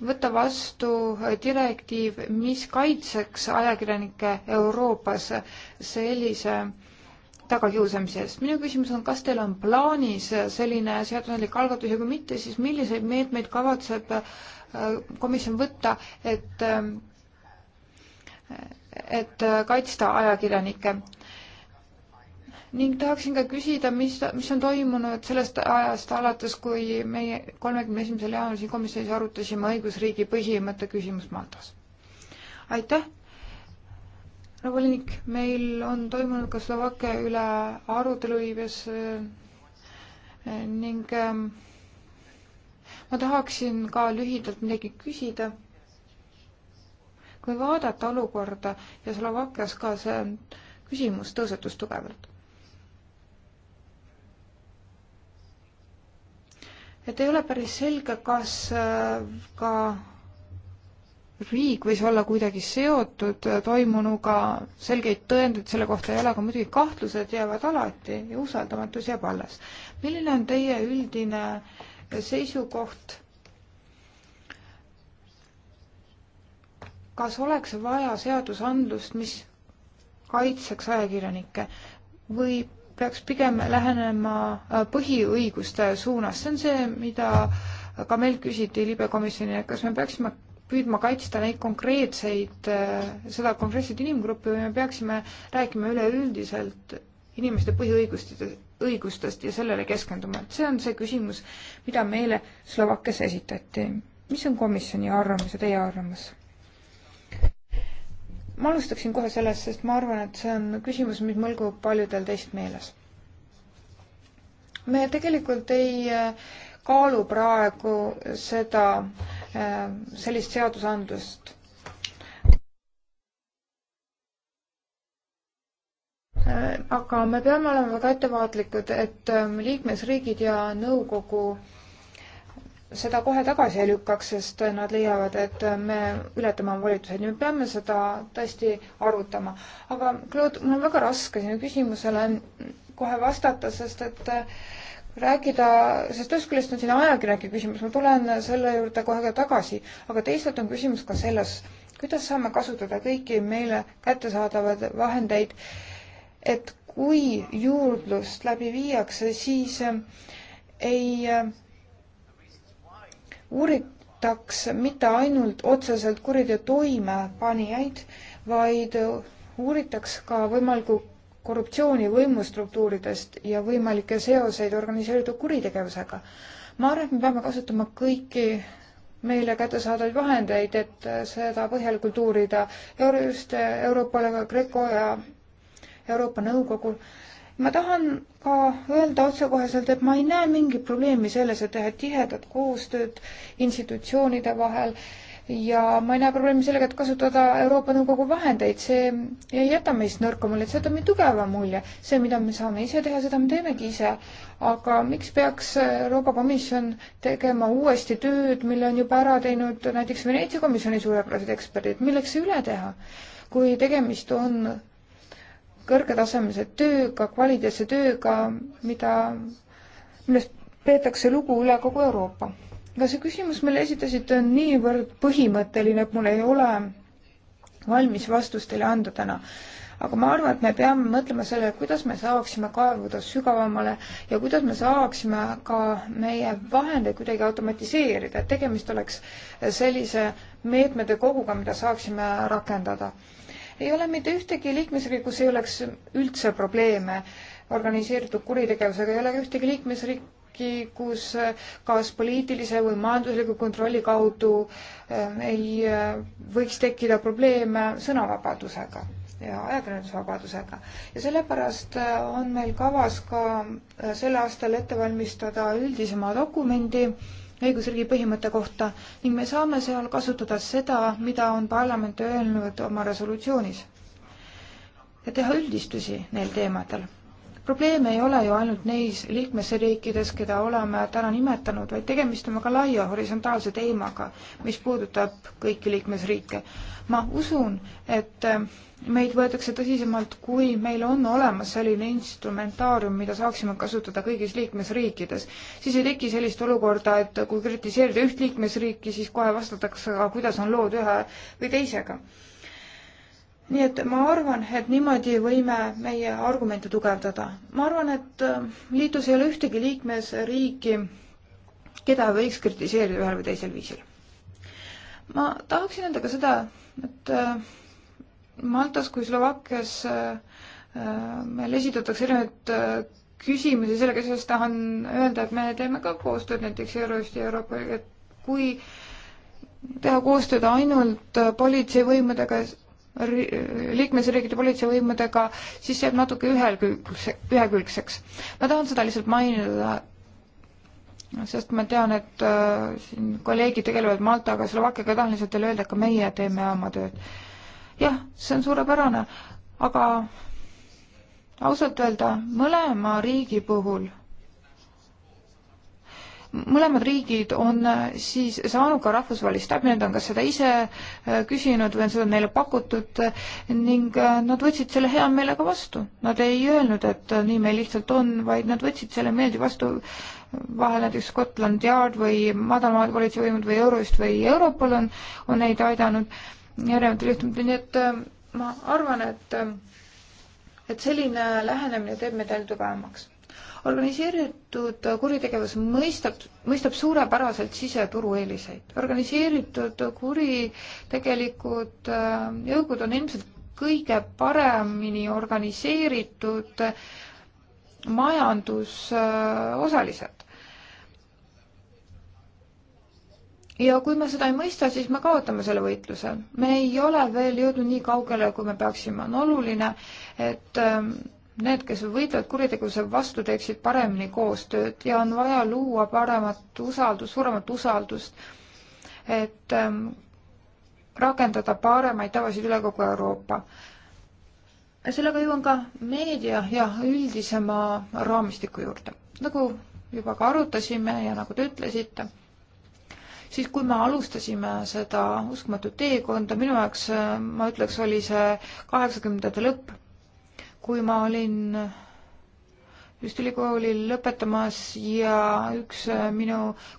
võtta vastu äh, direktiiv, mis kaitseks ajakirjanikke Euroopas sellise tagakiusamise eest. minu küsimus on, kas teil on plaanis selline seadusandlik algatus ja kui mitte, siis milliseid meetmeid kavatseb äh, komisjon võtta, et ähm, et äh, kaitsta ajakirjanikke. ning tahaksin ka küsida, mis, mis on toimunud sellest ajast alates, kui meie kolmekümne esimesel jaanuaril siin komisjonis arutasime õigusriigi põhimõtte küsimust Maltas. aitäh! härra nagu volinik, meil on toimunud ka Slovakkia üle arutelu Liibüas äh, ning ähm, ma tahaksin ka lühidalt midagi küsida kui vaadata olukorda ja Slovakkias ka see küsimus tõusetus tugevalt. et ei ole päris selge, kas äh, ka riik võis olla kuidagi seotud toimunuga, selgeid tõendeid selle kohta ei ole, aga muidugi kahtlused jäävad alati ja usaldamatus jääb alles. milline on teie üldine seisukoht kas oleks vaja seadusandlust, mis kaitseks ajakirjanikke või peaks pigem lähenema äh, põhiõiguste suunas, see on see, mida ka meilt küsiti libekomisjonile, et kas me peaksime püüdma kaitsta neid konkreetseid, äh, seda konkreetset inimgruppi või me peaksime rääkima üleüldiselt inimeste põhiõigustest, õigustest ja sellele keskenduma, et see on see küsimus, mida meile Slovakkias esitati. mis on komisjoni arvamus ja teie arvamus? ma alustaksin kohe sellest, sest ma arvan, et see on küsimus, mis mõlgub paljudel teist meeles. me tegelikult ei äh, kaalu praegu seda, äh, sellist seadusandlust. Äh, aga me peame olema väga ettevaatlikud, et liikmesriigid ja nõukogu seda kohe tagasi ei lükkaks, sest nad leiavad, et me ületame oma volitused ja me peame seda tõesti arutama. aga Claude, mul on väga raske sinu küsimusele kohe vastata, sest et äh, rääkida, sest ühest küljest on siin ajakirjanike küsimus, ma tulen selle juurde kohe tagasi, aga teisalt on küsimus ka selles, kuidas saame kasutada kõiki meile kättesaadavaid vahendeid, et kui juurdlust läbi viiakse, siis äh, ei äh, uuritaks mitte ainult otseselt kuriteo toimepanijaid, vaid äh, uuritaks ka võimalikku korruptsiooni võimustruktuuridest ja võimalikke seoseid organiseeritud kuritegevusega. ma arvan, et me peame kasutama kõiki meile kättesaadavaid vahendeid, et äh, seda põhjalikult uurida. Eurojust, äh, Europol, Greco ja Euroopa Nõukogu äh, ma tahan ka öelda otsekoheselt, et ma ei näe mingit probleemi selles, et teha tihedat koostööd institutsioonide vahel ja ma ei näe probleemi sellega, et kasutada Euroopa Nõukogu vahendeid, see ei jäta meist nõrka muljet, see jätab meid tugeva mulje. see, mida me saame ise teha, seda me teemegi ise. aga miks peaks Euroopa Komisjon tegema uuesti tööd, mille on juba ära teinud näiteks Veneetsia komisjoni suurepärased eksperdid, milleks see üle teha? kui tegemist on kõrgetasemelise tööga, kvaliteetse tööga, mida, millest peetakse lugu üle kogu Euroopa. aga see küsimus, mille esitasite, on niivõrd põhimõtteline, et mul ei ole valmis vastust teile anda täna. aga ma arvan, et me peame mõtlema sellele, kuidas me saaksime kaevuda sügavamale ja kuidas me saaksime ka meie vahendeid kuidagi automatiseerida, et tegemist oleks sellise meetmete koguga, mida saaksime rakendada ei ole mitte ühtegi liikmesriiki, kus ei oleks üldse probleeme organiseeritud kuritegevusega, ei ole ühtegi liikmesriiki, kus kas poliitilise või majandusliku kontrolli kaudu ähm, ei äh, võiks tekkida probleeme sõnavabadusega ja ajakirjandusvabadusega. ja sellepärast äh, on meil kavas ka äh, sel aastal ette valmistada üldisema dokumendi, õigusriigi põhimõtte kohta ning me saame seal kasutada seda, mida on parlament öelnud oma resolutsioonis ja teha üldistusi neil teemadel probleem ei ole ju ainult neis liikmesriikides, keda oleme täna nimetanud, vaid tegemist on väga laia horisontaalse teemaga, mis puudutab kõiki liikmesriike. ma usun, et äh, meid võetakse tõsisemalt, kui meil on olemas selline instrumentaarium, mida saaksime kasutada kõigis liikmesriikides. siis ei teki sellist olukorda, et kui kritiseerida üht liikmesriiki, siis kohe vastatakse, aga kuidas on lood ühe või teisega nii et ma arvan, et niimoodi võime meie argumente tugevdada. ma arvan, et äh, liidus ei ole ühtegi liikmesriiki, keda võiks kritiseerida ühel või teisel viisil. ma tahaksin öelda ka seda, et äh, Maltas kui Slovakkias äh, meil esitatakse erinevaid küsimusi, sellega seoses tahan öelda, et me teeme ka koostööd näiteks Eurost ja Euroopa, et kui teha koostööd ainult politseivõimudega, liikmesriikide politseivõimudega, siis see jääb natuke ühelkülgse, ühekülgseks. ma tahan seda lihtsalt mainida, sest ma tean, et äh, siin kolleegid tegelevad Maltaga, Slovakkiaga, tahan lihtsalt teile öelda, et ka meie teeme oma tööd. jah, see on suurepärane, aga ausalt öelda, mõlema riigi puhul mõlemad riigid on äh, siis saanud ka rahvusvahelist abi, nad on kas seda ise äh, küsinud või on seda neile pakutud äh, ning nad võtsid selle hea meelega vastu. Nad ei öelnud, et nii meil lihtsalt on, vaid nad võtsid selle meeldi vastu vahel näiteks Scotland Yard või madalmaad politseivõimud või Eurost või Europol on, on neid aidanud erinevatel juhtumitel, nii et ma arvan, et et selline lähenemine teeb meid ainult tugevamaks organiseeritud kuritegevus mõistab, mõistab suurepäraselt siseturu eeliseid. organiseeritud kuritegelikud äh, jõugud on ilmselt kõige paremini organiseeritud majandusosalised. ja kui me seda ei mõista, siis me kaotame selle võitluse. me ei ole veel jõudnud nii kaugele, kui me peaksime. on oluline, et ähm, need, kes võitlevad kuritegevuse vastu, teeksid paremini koostööd ja on vaja luua paremat usaldust, suuremat usaldust, et ähm, rakendada paremaid tavasid üle kogu Euroopa. sellega jõuan ka meedia ja üldisema raamistiku juurde. nagu juba ka arutasime ja nagu te ütlesite, siis kui me alustasime seda uskumatut teekonda, minu jaoks, äh, ma ütleks, oli see kaheksakümnendate lõpp kui ma olin just ülikooli lõpetamas ja üks minu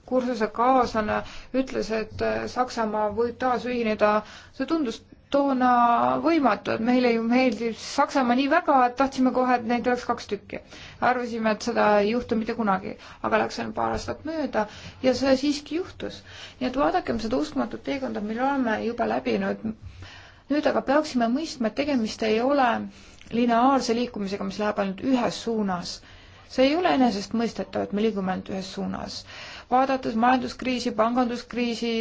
kursuse kaaslane ütles, et Saksamaa võib taas ühineda. see tundus toona võimatu, et meile ju meeldib Saksamaa nii väga, et tahtsime kohe, et neid oleks kaks tükki. arvasime, et seda ei juhtu mitte kunagi, aga läks ainult paar aastat mööda ja see siiski juhtus. nii et vaadakem seda uskumatut teekonda, mille oleme juba läbinud. nüüd aga peaksime mõistma, et tegemist ei ole lineaarse liikumisega, mis läheb ainult ühes suunas. see ei ole enesestmõistetav, et me liigume ainult ühes suunas. vaadates majanduskriisi, panganduskriisi,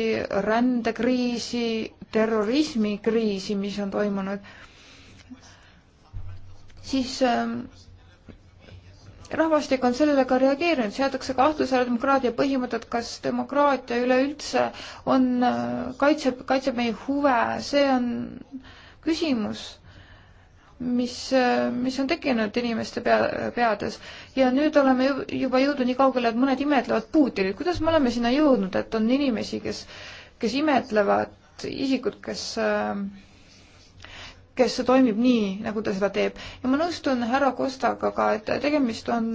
rändekriisi, terrorismikriisi, mis on toimunud, siis ähm, rahvastik on sellele ka reageerinud, seatakse kahtluse alla demokraatia põhimõtted, kas demokraatia üleüldse on, äh, kaitseb, kaitseb meie huve, see on küsimus mis, mis on tekkinud inimeste pea, peades. ja nüüd oleme juba jõudnud nii kaugele, et mõned imetlevad Putinit. kuidas me oleme sinna jõudnud, et on inimesi, kes, kes imetlevad isikut, kes kes toimib nii, nagu ta seda teeb. ja ma nõustun härra Kostaga ka, et tegemist on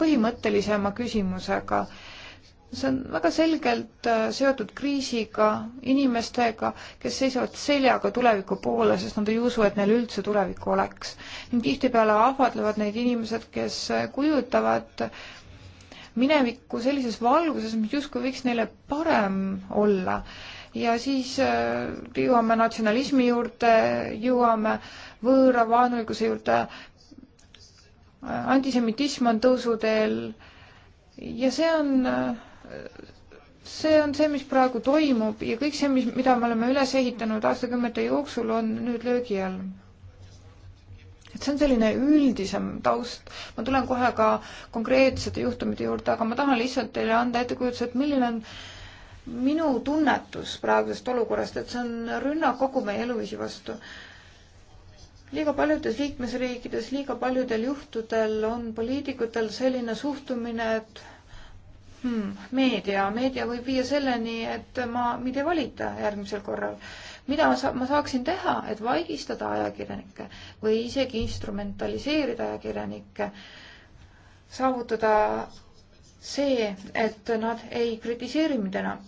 põhimõttelisema küsimusega äh, see on väga selgelt äh, seotud kriisiga, inimestega, kes seisavad seljaga tuleviku poole, sest nad ei usu, et neil üldse tulevikku oleks. ning tihtipeale ahvatlevad neid inimesed, kes äh, kujutavad minevikku sellises valguses, mis justkui võiks neile parem olla. ja siis äh, jõuame natsionalismi juurde, jõuame võõra vaenulikkuse juurde, antisemitism on tõusuteel ja see on äh, see on see, mis praegu toimub ja kõik see, mis, mida me oleme üles ehitanud aastakümnete jooksul, on nüüd löögi all. et see on selline üldisem taust. ma tulen kohe ka konkreetsete juhtumite juurde, aga ma tahan lihtsalt teile anda ettekujutuse, et milline on minu tunnetus praegusest olukorrast, et see on rünnak kogu meie eluviisi vastu. liiga paljudes liikmesriikides, liiga paljudel juhtudel on poliitikutel selline suhtumine, et hmm, meedia, meedia võib viia selleni, et ma, mind ei valita järgmisel korral. mida ma, sa, ma saaksin teha, et vaigistada ajakirjanikke või isegi instrumentaliseerida ajakirjanikke, saavutada see, et nad ei kritiseeri mind enam.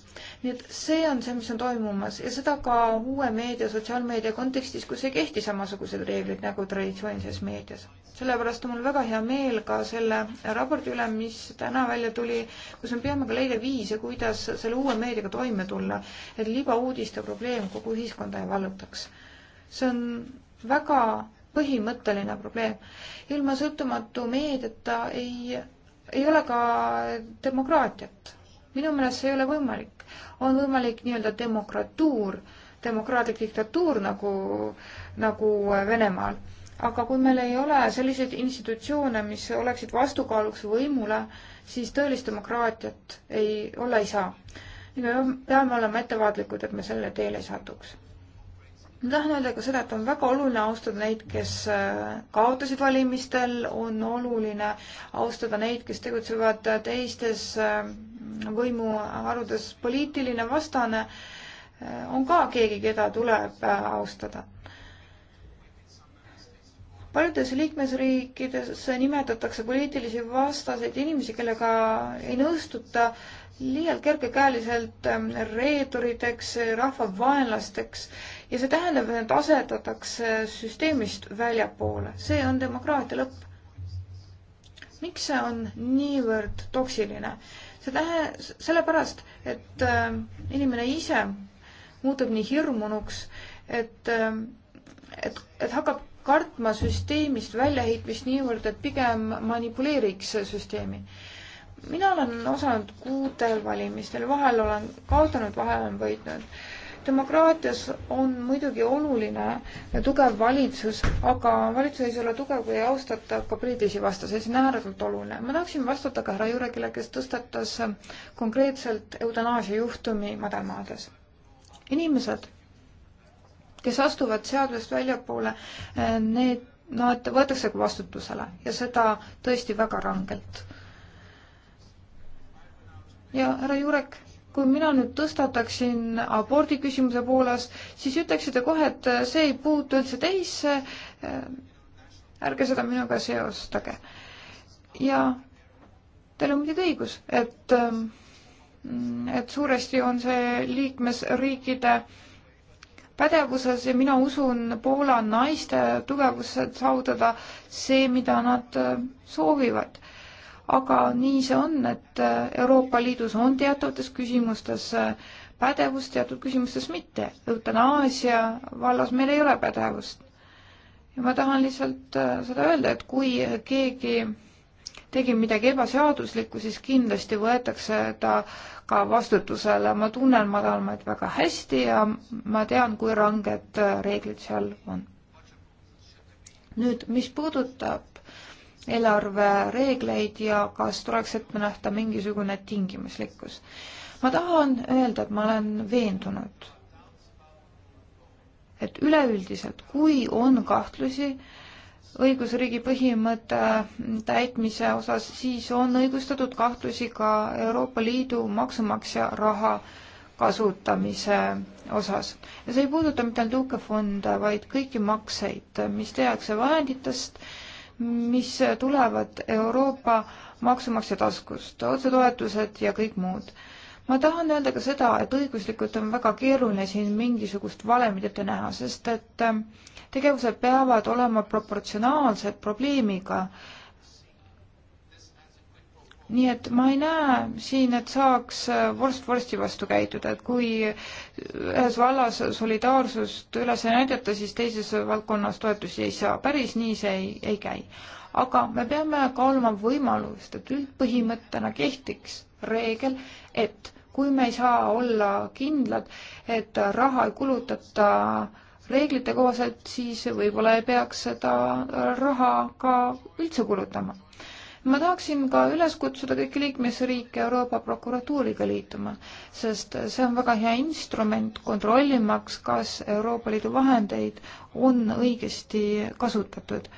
nii et see on see, mis on toimumas ja seda ka uue meedia, sotsiaalmeedia kontekstis, kus ei kehti samasugused reeglid nagu traditsioonilises meedias sellepärast on mul väga hea meel ka selle raporti üle, mis täna välja tuli, kus me peame ka leida viise, kuidas selle uue meediaga toime tulla, et libauudiste probleem kogu ühiskonda ei vallutaks. see on väga põhimõtteline probleem. ilma sõltumatu meediata ei, ei ole ka demokraatiat. minu meelest see ei ole võimalik. on võimalik nii-öelda demokratuur, demokraatlik diktatuur nagu, nagu Venemaal aga kui meil ei ole selliseid institutsioone, mis oleksid vastukaaluks võimule, siis tõelist demokraatiat ei ole, ei saa. me peame olema ettevaatlikud, et me sellele teele ei satuks. ma tahan öelda ka seda, et on väga oluline austada neid, kes äh, kaotasid valimistel, on oluline austada neid, kes tegutsevad äh, teistes äh, võimuharudes. poliitiline vastane on ka keegi, keda tuleb austada paljudes liikmesriikides nimetatakse poliitilisi vastaseid inimesi, kellega ei nõustuta liialt kergekäeliselt ähm, reeturiteks, rahvavaenlasteks ja see tähendab, et nad asetatakse süsteemist väljapoole. see on demokraatia lõpp. miks see on niivõrd toksiline? see tähe-, sellepärast, et äh, inimene ise muutub nii hirmunuks, et äh,, et, et hakkab kartma süsteemist väljaheitmist niivõrd, et pigem manipuleeriks süsteemi. mina olen osalenud kuudel valimistel, vahel olen kaotanud, vahel olen võitnud. demokraatias on muidugi oluline ja tugev valitsus, aga valitsus ei saa olla tugev, kui ei austata ka poliitilisi vastaseid, see on ääretult oluline. ma tahaksin vastata ka härra Jurekile, kes tõstatas konkreetselt eutanaasia juhtumi madalmaades. inimesed kes astuvad seadusest väljapoole, eh, need, nad võetakse ka vastutusele ja seda tõesti väga rangelt. ja härra Jurek, kui mina nüüd tõstataksin abordi küsimuse poolest, siis ütleksite kohe, et see ei puutu üldse teisse, ärge seda minuga seostage. ja teil on muidugi õigus, et, mm, et suuresti on see liikmesriikide äh, pädevuses ja mina usun Poola naiste tugevusse saavutada see, mida nad äh, soovivad. aga nii see on, et äh, Euroopa Liidus on teatavates küsimustes äh, pädevust, teatud küsimustes mitte. eutanaasia vallas meil ei ole pädevust. ja ma tahan lihtsalt seda öelda, et kui keegi tegin midagi ebaseaduslikku, siis kindlasti võetakse ta ka vastutusele. ma tunnen madalamaid väga hästi ja ma tean, kui ranged reeglid seal on. nüüd, mis puudutab eelarvereegleid ja kas tuleks ette nähta mingisugune tingimuslikkus. ma tahan öelda, et ma olen veendunud, et üleüldiselt, kui on kahtlusi, õigusriigi põhimõtte täitmise osas, siis on õigustatud kahtlusi ka Euroopa Liidu maksumaksja raha kasutamise osas. ja see ei puuduta mitte ainult tõukefonde, vaid kõiki makseid, mis tehakse vahenditest, mis tulevad Euroopa maksumaksja taskust, otsetoetused ja kõik muud ma tahan öelda ka seda, et õiguslikult on väga keeruline siin mingisugust valemit ette näha, sest et ähm, tegevused peavad olema proportsionaalsed probleemiga. nii et ma ei näe siin, et saaks äh, vorst vorsti vastu käituda, et kui ühes vallas solidaarsust üles ei näidata, siis teises valdkonnas toetusi ei saa. päris nii see ei, ei käi. aga me peame kaaluma võimalust, et üldpõhimõttena kehtiks reegel, et kui me ei saa olla kindlad, et raha ei kulutata reeglite kohaselt, siis võib-olla ei peaks seda raha ka üldse kulutama. ma tahaksin ka üles kutsuda kõiki liikmesriike Euroopa prokuratuuriga liituma, sest see on väga hea instrument kontrollimaks, kas Euroopa Liidu vahendeid on õigesti kasutatud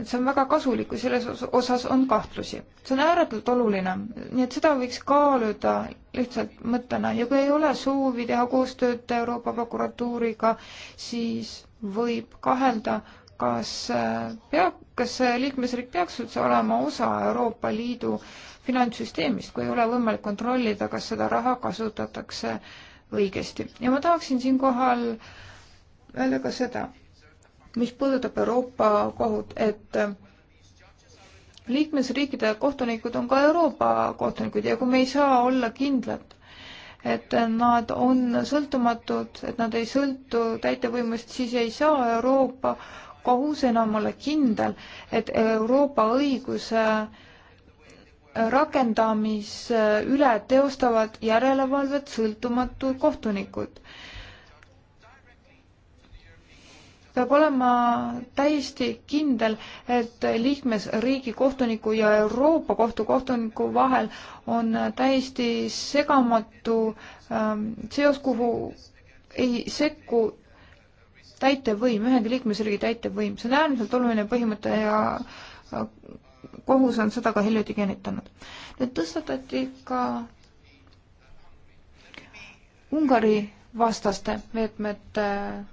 et see on väga kasulik, kui selles osas on kahtlusi. see on ääretult oluline, nii et seda võiks kaaluda lihtsalt mõttena ja kui ei ole soovi teha koostööd Euroopa prokuratuuriga, siis võib kahelda, kas äh, peab, kas äh, liikmesriik peaks üldse olema osa Euroopa Liidu finantssüsteemist, kui ei ole võimalik kontrollida, kas seda raha kasutatakse õigesti. ja ma tahaksin siinkohal öelda ka seda, mis puudutab Euroopa kohut, et liikmesriikide kohtunikud on ka Euroopa kohtunikud ja kui me ei saa olla kindlad, et nad on sõltumatud, et nad ei sõltu täitevvõimust, siis ei saa Euroopa kohus enam olla kindel, et Euroopa õiguse rakendamise üle teostavad järelevalvet sõltumatud kohtunikud peab olema täiesti kindel, et liikmesriigi kohtuniku ja Euroopa Kohtu kohtuniku vahel on täiesti segamatu ähm, seos, kuhu ei sekku täitevvõim, ühegi liikmesriigi täitevvõim. see on äärmiselt oluline põhimõte ja äh, kohus on seda ka hiljuti kinnitanud. nüüd tõstatati ka Ungari vastaste meetmete äh,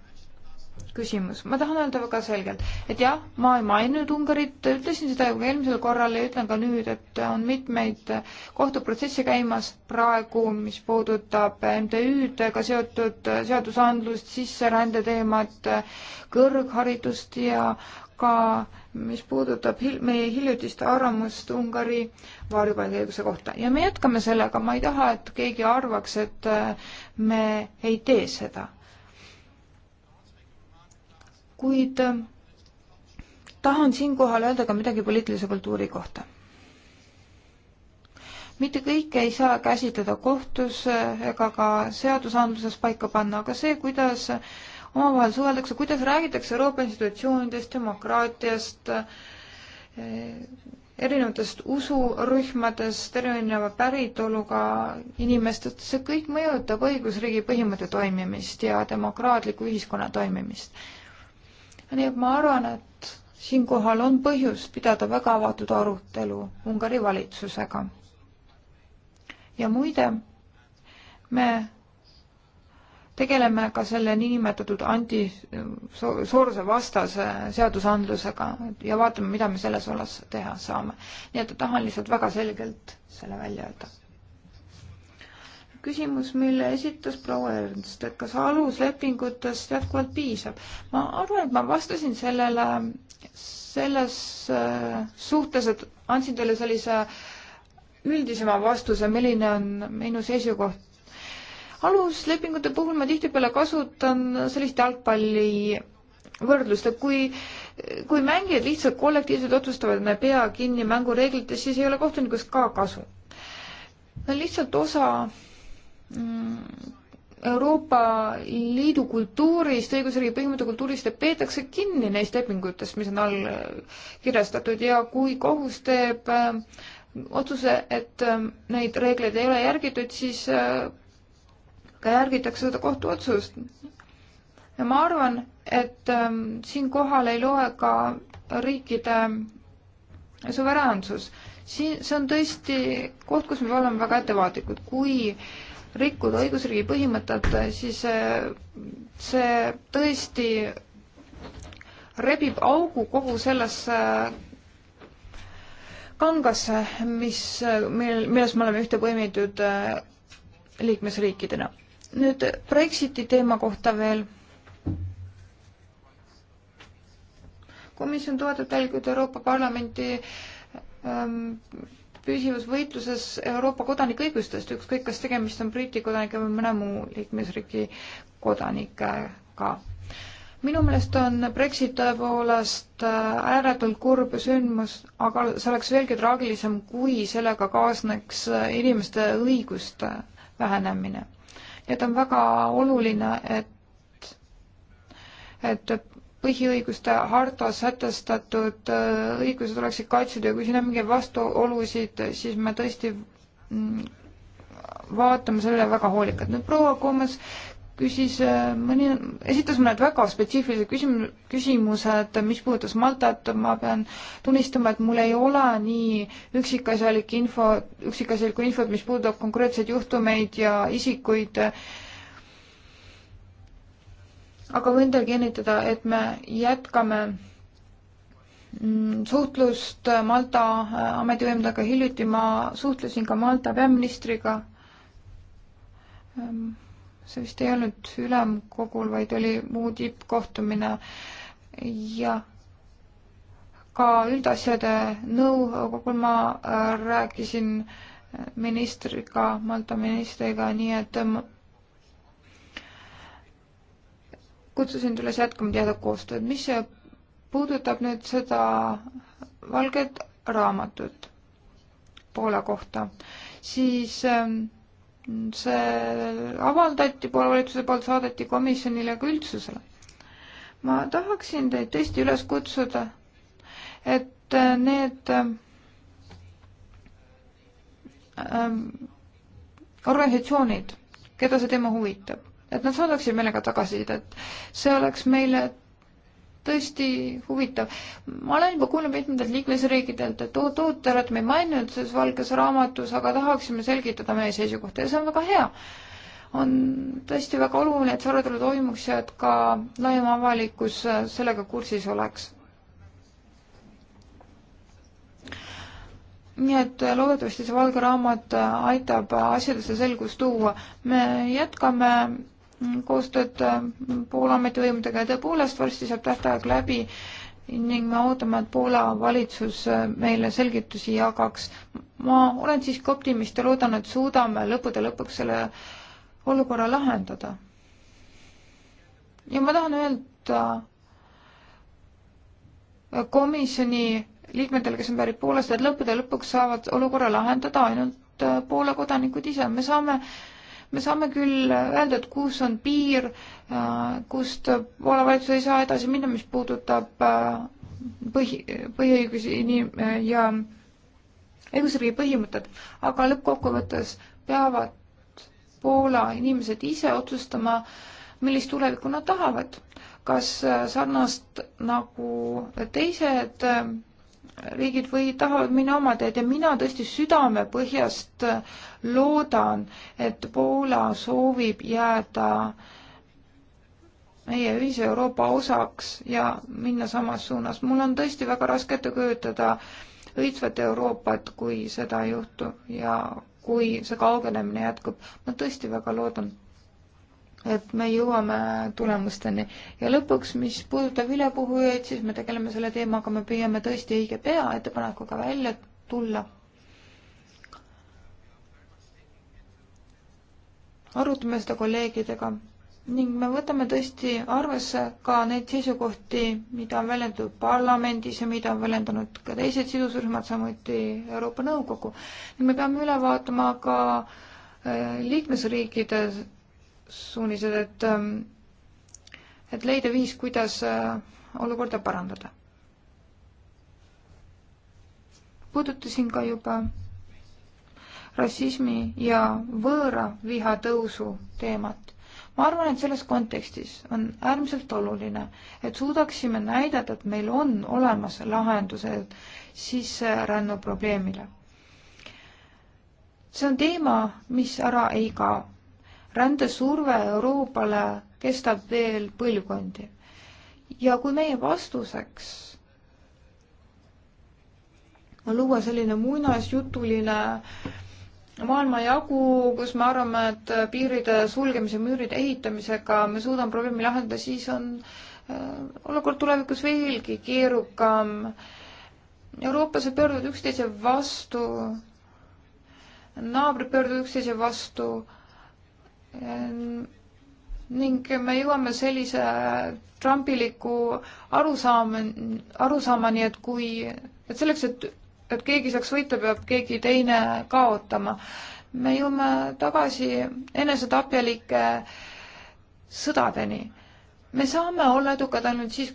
küsimus. ma tahan öelda väga selgelt, et jah, ma ei maininud Ungarit, ütlesin seda juba eelmisel korral ja ütlen ka nüüd, et on mitmeid kohtuprotsesse käimas praegu, mis puudutab MTÜ-dega seotud seadusandlust, sisserände teemat, kõrgharidust ja ka mis puudutab hil-, meie hiljutist arvamust Ungari varjupaigaõiguse kohta ja me jätkame sellega, ma ei taha, et keegi arvaks, et me ei tee seda kuid ähm, tahan siinkohal öelda ka midagi poliitilise kultuuri kohta. mitte kõike ei saa käsitleda kohtus äh, ega ka seadusandluses paika panna, aga see, kuidas äh, omavahel suheldakse, kuidas räägitakse Euroopa institutsioonidest, demokraatiast, äh, erinevatest usurühmadest, erineva päritoluga inimestest, see kõik mõjutab õigusriigi põhimõtte toimimist ja demokraatliku ühiskonna toimimist nii et ma arvan, et siinkohal on põhjust pidada väga avatud arutelu Ungari valitsusega. ja muide, me tegeleme ka selle niinimetatud anti, sooruse vastase seadusandlusega ja vaatame, mida me selles osas teha saame. nii et tahan lihtsalt väga selgelt selle välja öelda küsimus, mille esitas proua Ernst, et kas aluslepingutest jätkuvalt piisab. ma arvan, et ma vastasin sellele selles äh, suhtes, et andsin teile sellise üldisema vastuse, milline on minu seisukoht aluslepingute puhul ma tihtipeale kasutan sellist jalgpalli võrdlust, et kui, kui mängijad lihtsalt kollektiivselt otsustavad, et me pea kinni mängureeglitest, siis ei ole kohtunikust ka kasu. see on lihtsalt osa Euroopa Liidu kultuurist, õigusriigi põhimõtte kultuurist, et peetakse kinni neist lepingutest, mis on all äh, kirjastatud ja kui kohus teeb äh, otsuse, et äh, neid reegleid ei ole järgitud, siis ka järgitakse seda kohtuotsust. ja ma arvan, et ähm, siinkohal ei loe ka riikide suveräänsus. siin, see on tõesti koht, kus me peame olema väga ettevaatlikud, kui äh, rikkuda õigusriigi põhimõtet, siis äh, see tõesti rebib augu kogu sellesse äh, kangasse, mis, mil, milles me oleme ühte põimitud äh, liikmesriikidena. nüüd Brexiti teema kohta veel. komisjon toetab tegelikult Euroopa Parlamenti ähm, püsivas võitluses Euroopa kodanikuõigustest, ükskõik kas tegemist on Briti kodanike või mõne muu liikmesriigi kodanikega. minu meelest on Brexit tõepoolest äh, ääretult kurb sündmus, aga see oleks veelgi traagilisem, kui sellega kaasneks äh, inimeste õiguste vähenemine. nii et on väga oluline, et et põhiõiguste hartas sätestatud äh, õigused oleksid kaitstud ja kui siin on mingeid vastuolusid, siis me tõesti mm, vaatame sellele väga hoolikalt. nüüd proua Koomas küsis äh, mõni, esitas mõned väga spetsiifilised küsim-, küsimused, mis puudutas Maltat, ma pean tunnistama, et mul ei ole nii üksikasjalik info, üksikasjalikku infot, mis puudutab konkreetseid juhtumeid ja isikuid äh, aga võin teile kinnitada, et me jätkame mm, suhtlust Malta äh, ametivõimudega, hiljuti ma suhtlesin ka Malta peaministriga. Ähm, see vist ei olnud ülemkogul, vaid oli muu tippkohtumine ja ka üldasjade nõukogul ma äh, rääkisin äh, ministriga, Malta ministriga, nii et ähm, kutsusin üles jätkama teada koostööd, mis puudutab nüüd seda valget raamatut Poola kohta, siis ähm, see avaldati Poola valitsuse poolt, saadeti komisjonile ka üldsusele. ma tahaksin teid tõesti üles kutsuda, et äh, need ähm, ähm, organisatsioonid, keda see teema huvitab, et nad saadaksid meile ka tagasisidet. see oleks meile tõesti huvitav. ma olen juba kuulnud mitmendalt liikmesriikidelt, et oot, oot, te olete meid maininud selles valges raamatus, aga tahaksime selgitada meie seisukohta ja see on väga hea. on tõesti väga oluline, et see arutelu toimuks ja et ka laiem avalikkus sellega kursis oleks. nii et loodetavasti see valge raamat aitab asjadesse selgust tuua. me jätkame koostööd äh, Poola ametivõimudega ja tõepoolest varsti saab tähtaeg läbi ning me ootame, et Poola valitsus äh, meile selgitusi jagaks. ma olen siiski optimist ja loodan, et suudame lõppude lõpuks selle olukorra lahendada. ja ma tahan öelda komisjoni liikmetele, kes on pärit Poolast, et lõppude lõpuks saavad olukorra lahendada ainult äh, Poola kodanikud ise. me saame äh, me saame küll öelda, et kus on piir, äh, kust Poola valitsus ei saa edasi minna, mis puudutab äh, põhi, põhiõigusi inim- äh, ja õigusriigi põhimõtted, aga lõppkokkuvõttes peavad Poola inimesed ise otsustama, millist tulevikku nad tahavad. kas sarnast nagu teised riigid või tahavad minna oma teed ja mina tõesti südamepõhjast loodan, et Poola soovib jääda meie ühise Euroopa osaks ja minna samas suunas. mul on tõesti väga raske ette kujutada õitsvat Euroopat, kui seda ei juhtu ja kui see kaugenemine jätkub. ma tõesti väga loodan, et me jõuame tulemusteni. ja lõpuks, mis puudutab ülepuhujaid, siis me tegeleme selle teemaga, me püüame tõesti õige pea ettepanekuga välja tulla arutame seda kolleegidega ning me võtame tõesti arvesse ka neid seisukohti, mida on väljendatud parlamendis ja mida on väljendanud ka teised sidusrühmad, samuti Euroopa Nõukogu. ning me peame üle vaatama ka äh, liikmesriikide suunised, et, äh, et leida viis, kuidas äh, olukorda parandada. puudutasin ka juba rassismi ja võõra viha tõusu teemat. ma arvan, et selles kontekstis on äärmiselt oluline, et suudaksime näidata, et meil on olemas lahendused sisserännu probleemile. see on teema, mis ära ei kao. rändesurve Euroopale kestab veel põlvkondi. ja kui meie vastuseks luua selline muinasjutuline äh, maailmajagu, kus me arvame, et piiride sulgemise, müüride ehitamisega me suudame probleemi lahendada, siis on äh, olukord tulevikus veelgi keerukam. eurooplased pöörduvad üksteise vastu, naabrid pöörduvad üksteise vastu äh, ning me jõuame sellise trumpiliku arusaama, arusaamani, et kui, et selleks, et et keegi saaks võita, peab keegi teine kaotama. me jõuame tagasi enesetapjalike sõdadeni. me saame olla edukad ainult siis,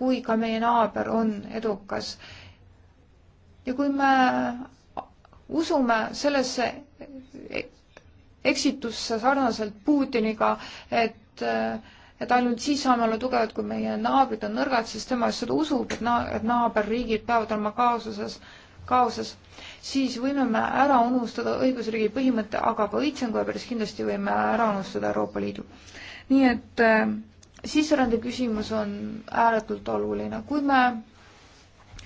kui ka meie naaber on edukas. ja kui me usume sellesse eksitusse sarnaselt Putiniga, et et ainult siis saame olla tugevad, kui meie naabrid on nõrgad, sest tema just seda usub, et na-, et naaberriigid peavad olema kaasuses äh, kaoses, siis võime me ära unustada õigusriigi põhimõtte, aga ka õitsengu ja päris kindlasti võime ära unustada Euroopa Liidu. nii et äh, sisserände küsimus on ääretult oluline, kui me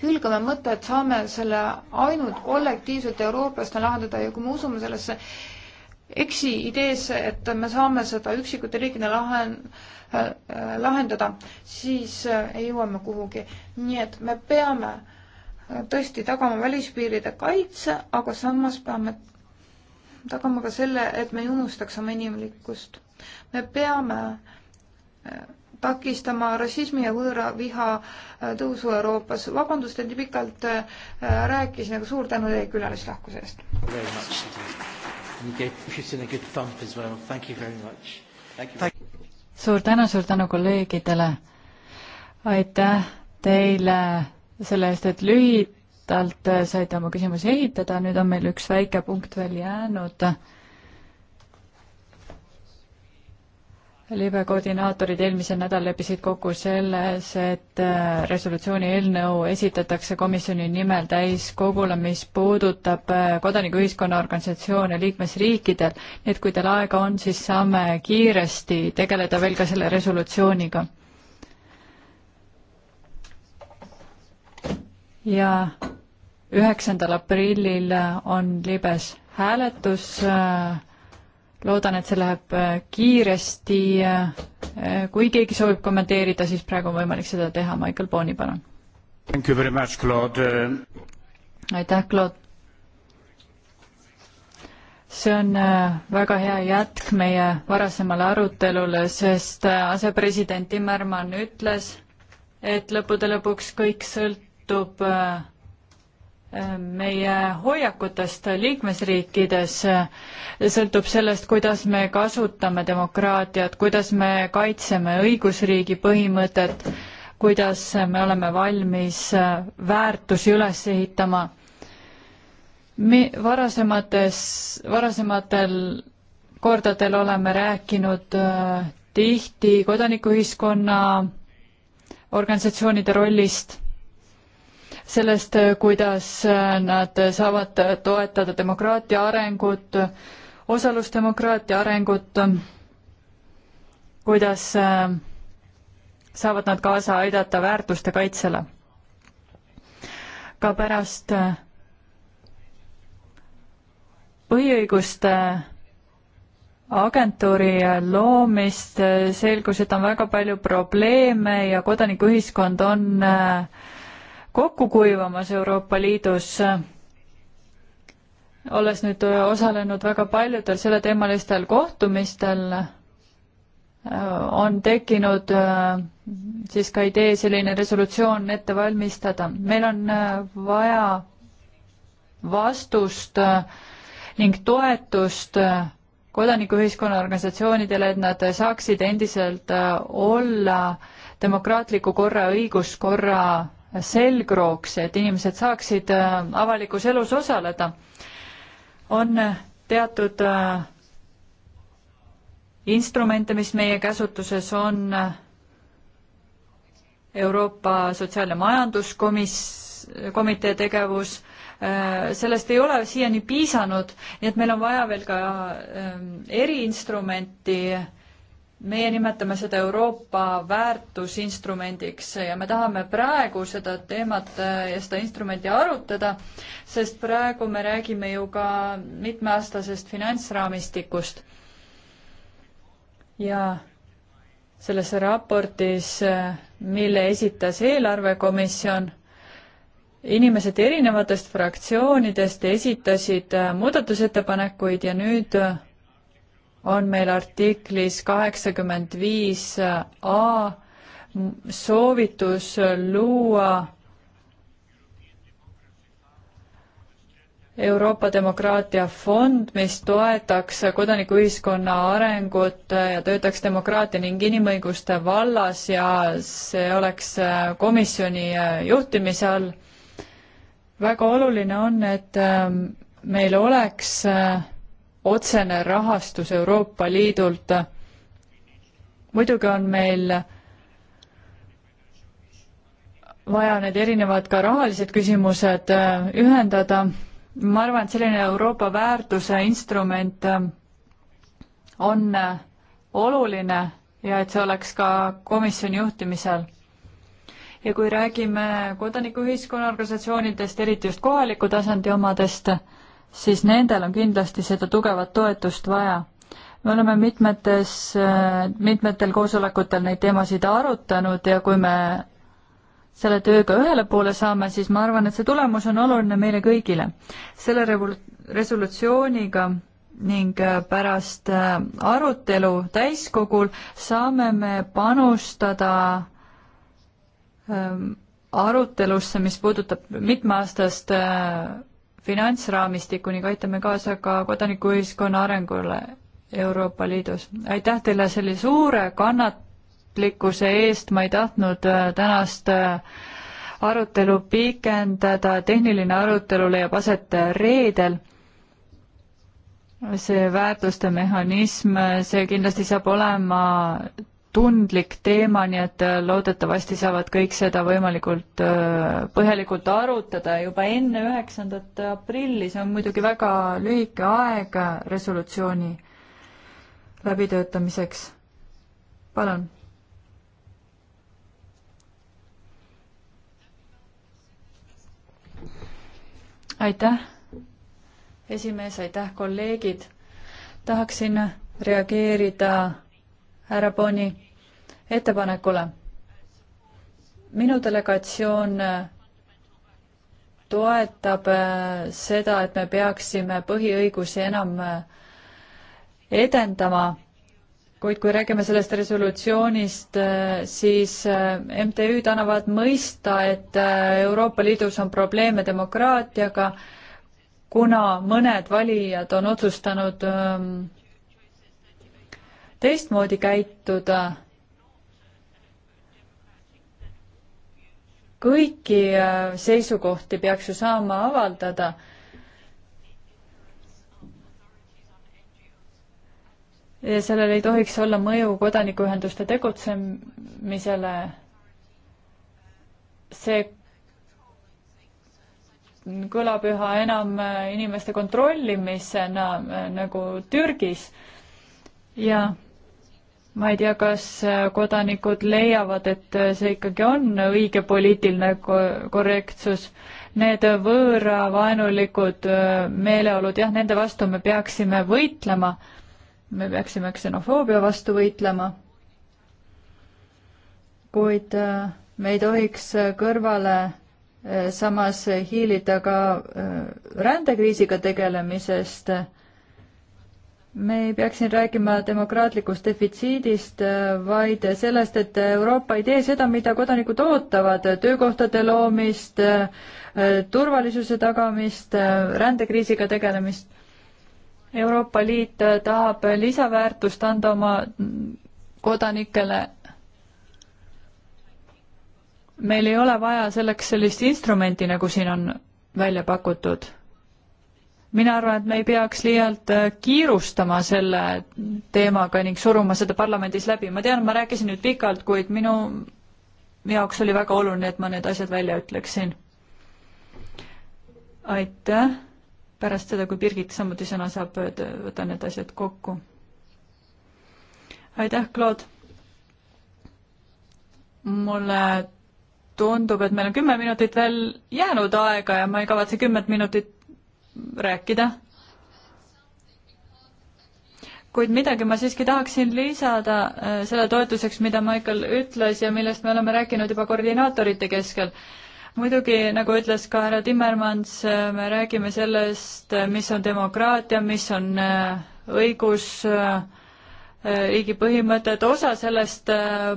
hülgame mõtte, et saame selle ainult kollektiivselt eurooplastena lahendada ja kui me usume sellesse eksiideesse, et me saame seda üksikute riikide lahen- äh, äh,, lahendada, siis äh, ei jõua me kuhugi. nii et me peame äh, tõesti tagama välispiiride kaitse, aga samas peame tagama ka selle, et me ei unustaks oma inimlikkust. me peame äh, takistama rassismi ja võõra viha äh, tõusu Euroopas. vabandust, et nii pikalt äh, rääkisin, aga suur tänu teie külalislahkuse eest. suur tänu, suur tänu kolleegidele. aitäh teile selle eest, et lühidalt saite oma küsimusi esitada, nüüd on meil üks väike punkt veel jäänud. libe koordinaatorid eelmisel nädalal leppisid kokku selles, et resolutsiooni eelnõu esitatakse komisjoni nimel täiskogule, mis puudutab kodanikuühiskonna organisatsioone liikmesriikidel. nii et kui teil aega on, siis saame kiiresti tegeleda veel ka selle resolutsiooniga ja üheksandal aprillil on libes hääletus. loodan, et see läheb äh, kiiresti. Äh, kui keegi soovib kommenteerida, siis praegu on võimalik seda teha. Michael Boni, palun. aitäh, Claude see on äh, väga hea jätk meie varasemale arutelule, sest asepresident Timmermann ütles, et lõppude lõpuks kõik sõlt-, sõltub äh, meie hoiakutest liikmesriikides, äh, sõltub sellest, kuidas me kasutame demokraatiat, kuidas me kaitseme õigusriigi põhimõtet, kuidas me oleme valmis äh, väärtusi üles ehitama. me varasemates, varasematel kordadel oleme rääkinud tihti kodanikuühiskonna organisatsioonide rollist sellest, äh, kuidas äh, nad saavad toetada demokraatia arengut, osalusdemokraatia arengut, kuidas äh, saavad nad kaasa aidata väärtuste kaitsele. ka pärast põhiõiguste agentuuri loomist selgus, et on väga palju probleeme ja kodanikuühiskond on äh, kokku kuivamas Euroopa Liidus, olles nüüd osalenud väga paljudel selleteemalistel kohtumistel, on tekkinud äh, siis ka idee selline resolutsioon ette valmistada. meil on äh, vaja vastust äh, ning toetust kodanikuühiskonna organisatsioonidele, et nad saaksid endiselt olla demokraatliku korra, õiguskorra selgrooks, et inimesed saaksid äh, avalikus elus osaleda. on teatud äh, instrumente, mis meie käsutuses on, äh, Euroopa Sotsiaal- ja Majanduskomis-, komitee tegevus, sellest ei ole siiani piisanud, nii et meil on vaja veel ka eriinstrumenti, meie nimetame seda Euroopa väärtusinstrumendiks ja me tahame praegu seda teemat ja seda instrumenti arutada, sest praegu me räägime ju ka mitmeaastasest finantsraamistikust. ja selles raportis, mille esitas eelarvekomisjon, inimesed erinevatest fraktsioonidest esitasid muudatusettepanekuid ja nüüd on meil artiklis kaheksakümmend viis A soovitus luua Euroopa Demokraatia Fond, mis toetaks kodanikuühiskonna arengut ja töötaks demokraatia ning inimõiguste vallas ja see oleks komisjoni juhtimise all. väga oluline on, et meil oleks äh, otsene rahastus Euroopa Liidult. muidugi on meil vaja need erinevad ka rahalised küsimused äh, ühendada. ma arvan, et selline Euroopa väärtuse instrument äh, on äh, oluline ja et see oleks ka komisjoni juhtimisel. ja kui räägime kodanikuühiskonna organisatsioonidest, eriti just kohaliku tasandi omadest, siis nendel on kindlasti seda tugevat toetust vaja. me oleme mitmetes, mitmetel koosolekutel neid teemasid arutanud ja kui me selle tööga ühele poole saame, siis ma arvan, et see tulemus on oluline meile kõigile. selle revol-, resolutsiooniga ning pärast äh, arutelu täiskogul saame me panustada ähm, arutelusse, mis puudutab mitmeaastast äh, finantsraamistikku ning aitame kaasa ka kodanikuühiskonna arengule Euroopa Liidus. aitäh teile selle suure kannatlikkuse eest, ma ei tahtnud äh, tänast äh, arutelu pikendada, tehniline arutelu leiab aset reedel. see väärtuste mehhanism, see kindlasti saab olema tundlik teema, nii et äh, loodetavasti saavad kõik seda võimalikult äh, põhjalikult arutada juba enne üheksandat aprilli, see on muidugi väga lühike aeg äh, resolutsiooni läbitöötamiseks. palun. aitäh, esimees, aitäh, kolleegid. tahaksin reageerida härra Boni ettepanekule. minu delegatsioon äh, toetab äh, seda, et me peaksime põhiõigusi enam äh, edendama, kuid kui räägime sellest resolutsioonist, siis MTÜ-d annavad mõista, et Euroopa Liidus on probleeme demokraatiaga, kuna mõned valijad on otsustanud ähm, teistmoodi käituda kõiki äh, seisukohti peaks ju saama avaldada. ja sellel ei tohiks olla mõju kodanikuühenduste tegutsemisele. see kõlab üha enam äh, inimeste kontrollimisena äh, nagu Türgis ja ma ei tea, kas äh, kodanikud leiavad, et äh, see ikkagi on õige poliitiline korrektsus. Need võõravaenulikud äh, meeleolud, jah, nende vastu me peaksime võitlema. me peaksime ksenofoobia vastu võitlema. kuid me ei tohiks kõrvale samas hiilida ka rändekriisiga tegelemisest me ei peaks siin rääkima demokraatlikust defitsiidist, äh, vaid sellest, et Euroopa ei tee seda, mida kodanikud ootavad, töökohtade loomist, äh, turvalisuse tagamist, äh, rändekriisiga tegelemist. Euroopa Liit tahab lisaväärtust anda oma kodanikele. meil ei ole vaja selleks sellist instrumenti, nagu siin on välja pakutud mina arvan, et me ei peaks liialt äh, kiirustama selle teemaga ning suruma seda parlamendis läbi. ma tean, ma rääkisin nüüd pikalt, kuid minu jaoks oli väga oluline, et ma need asjad välja ütleksin. aitäh. pärast seda, kui Birgit samuti sõna saab, võtan need asjad kokku. aitäh, Claude. mulle tundub, et meil on kümme minutit veel jäänud aega ja ma ei kavatse kümmet minutit rääkida. kuid midagi ma siiski tahaksin lisada äh, selle toetuseks, mida Michael ütles ja millest me oleme rääkinud juba koordinaatorite keskel muidugi, nagu ütles ka härra Timmermans, äh, me räägime sellest, äh, mis on demokraatia, mis on õigus, riigi põhimõtted, osa sellest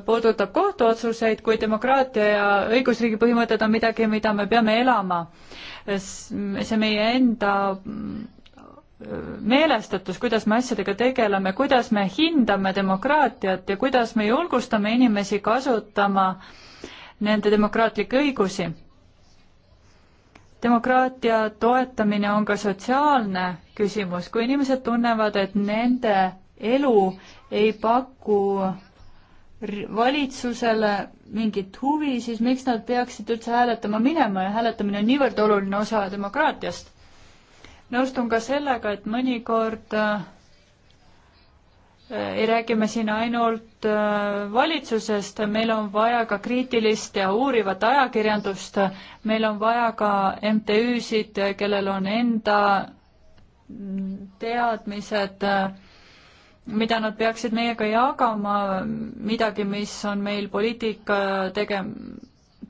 puudutab kohtuotsuseid, kuid demokraatia ja õigusriigi põhimõtted on midagi, mida me peame elama see meie enda meelestatus, kuidas me asjadega tegeleme, kuidas me hindame demokraatiat ja kuidas me julgustame inimesi kasutama nende demokraatlikke õigusi. demokraatia toetamine on ka sotsiaalne küsimus, kui inimesed tunnevad, et nende elu ei paku valitsusele mingit huvi, siis miks nad peaksid üldse hääletama minema ja hääletamine on niivõrd oluline osa demokraatiast. nõustun ka sellega, et mõnikord äh, ei räägi me siin ainult äh, valitsusest, meil on vaja ka kriitilist ja uurivat ajakirjandust, meil on vaja ka MTÜ-sid, kellel on enda mm, teadmised äh, mida nad peaksid meiega jagama, midagi, mis on meil poliitika tege-,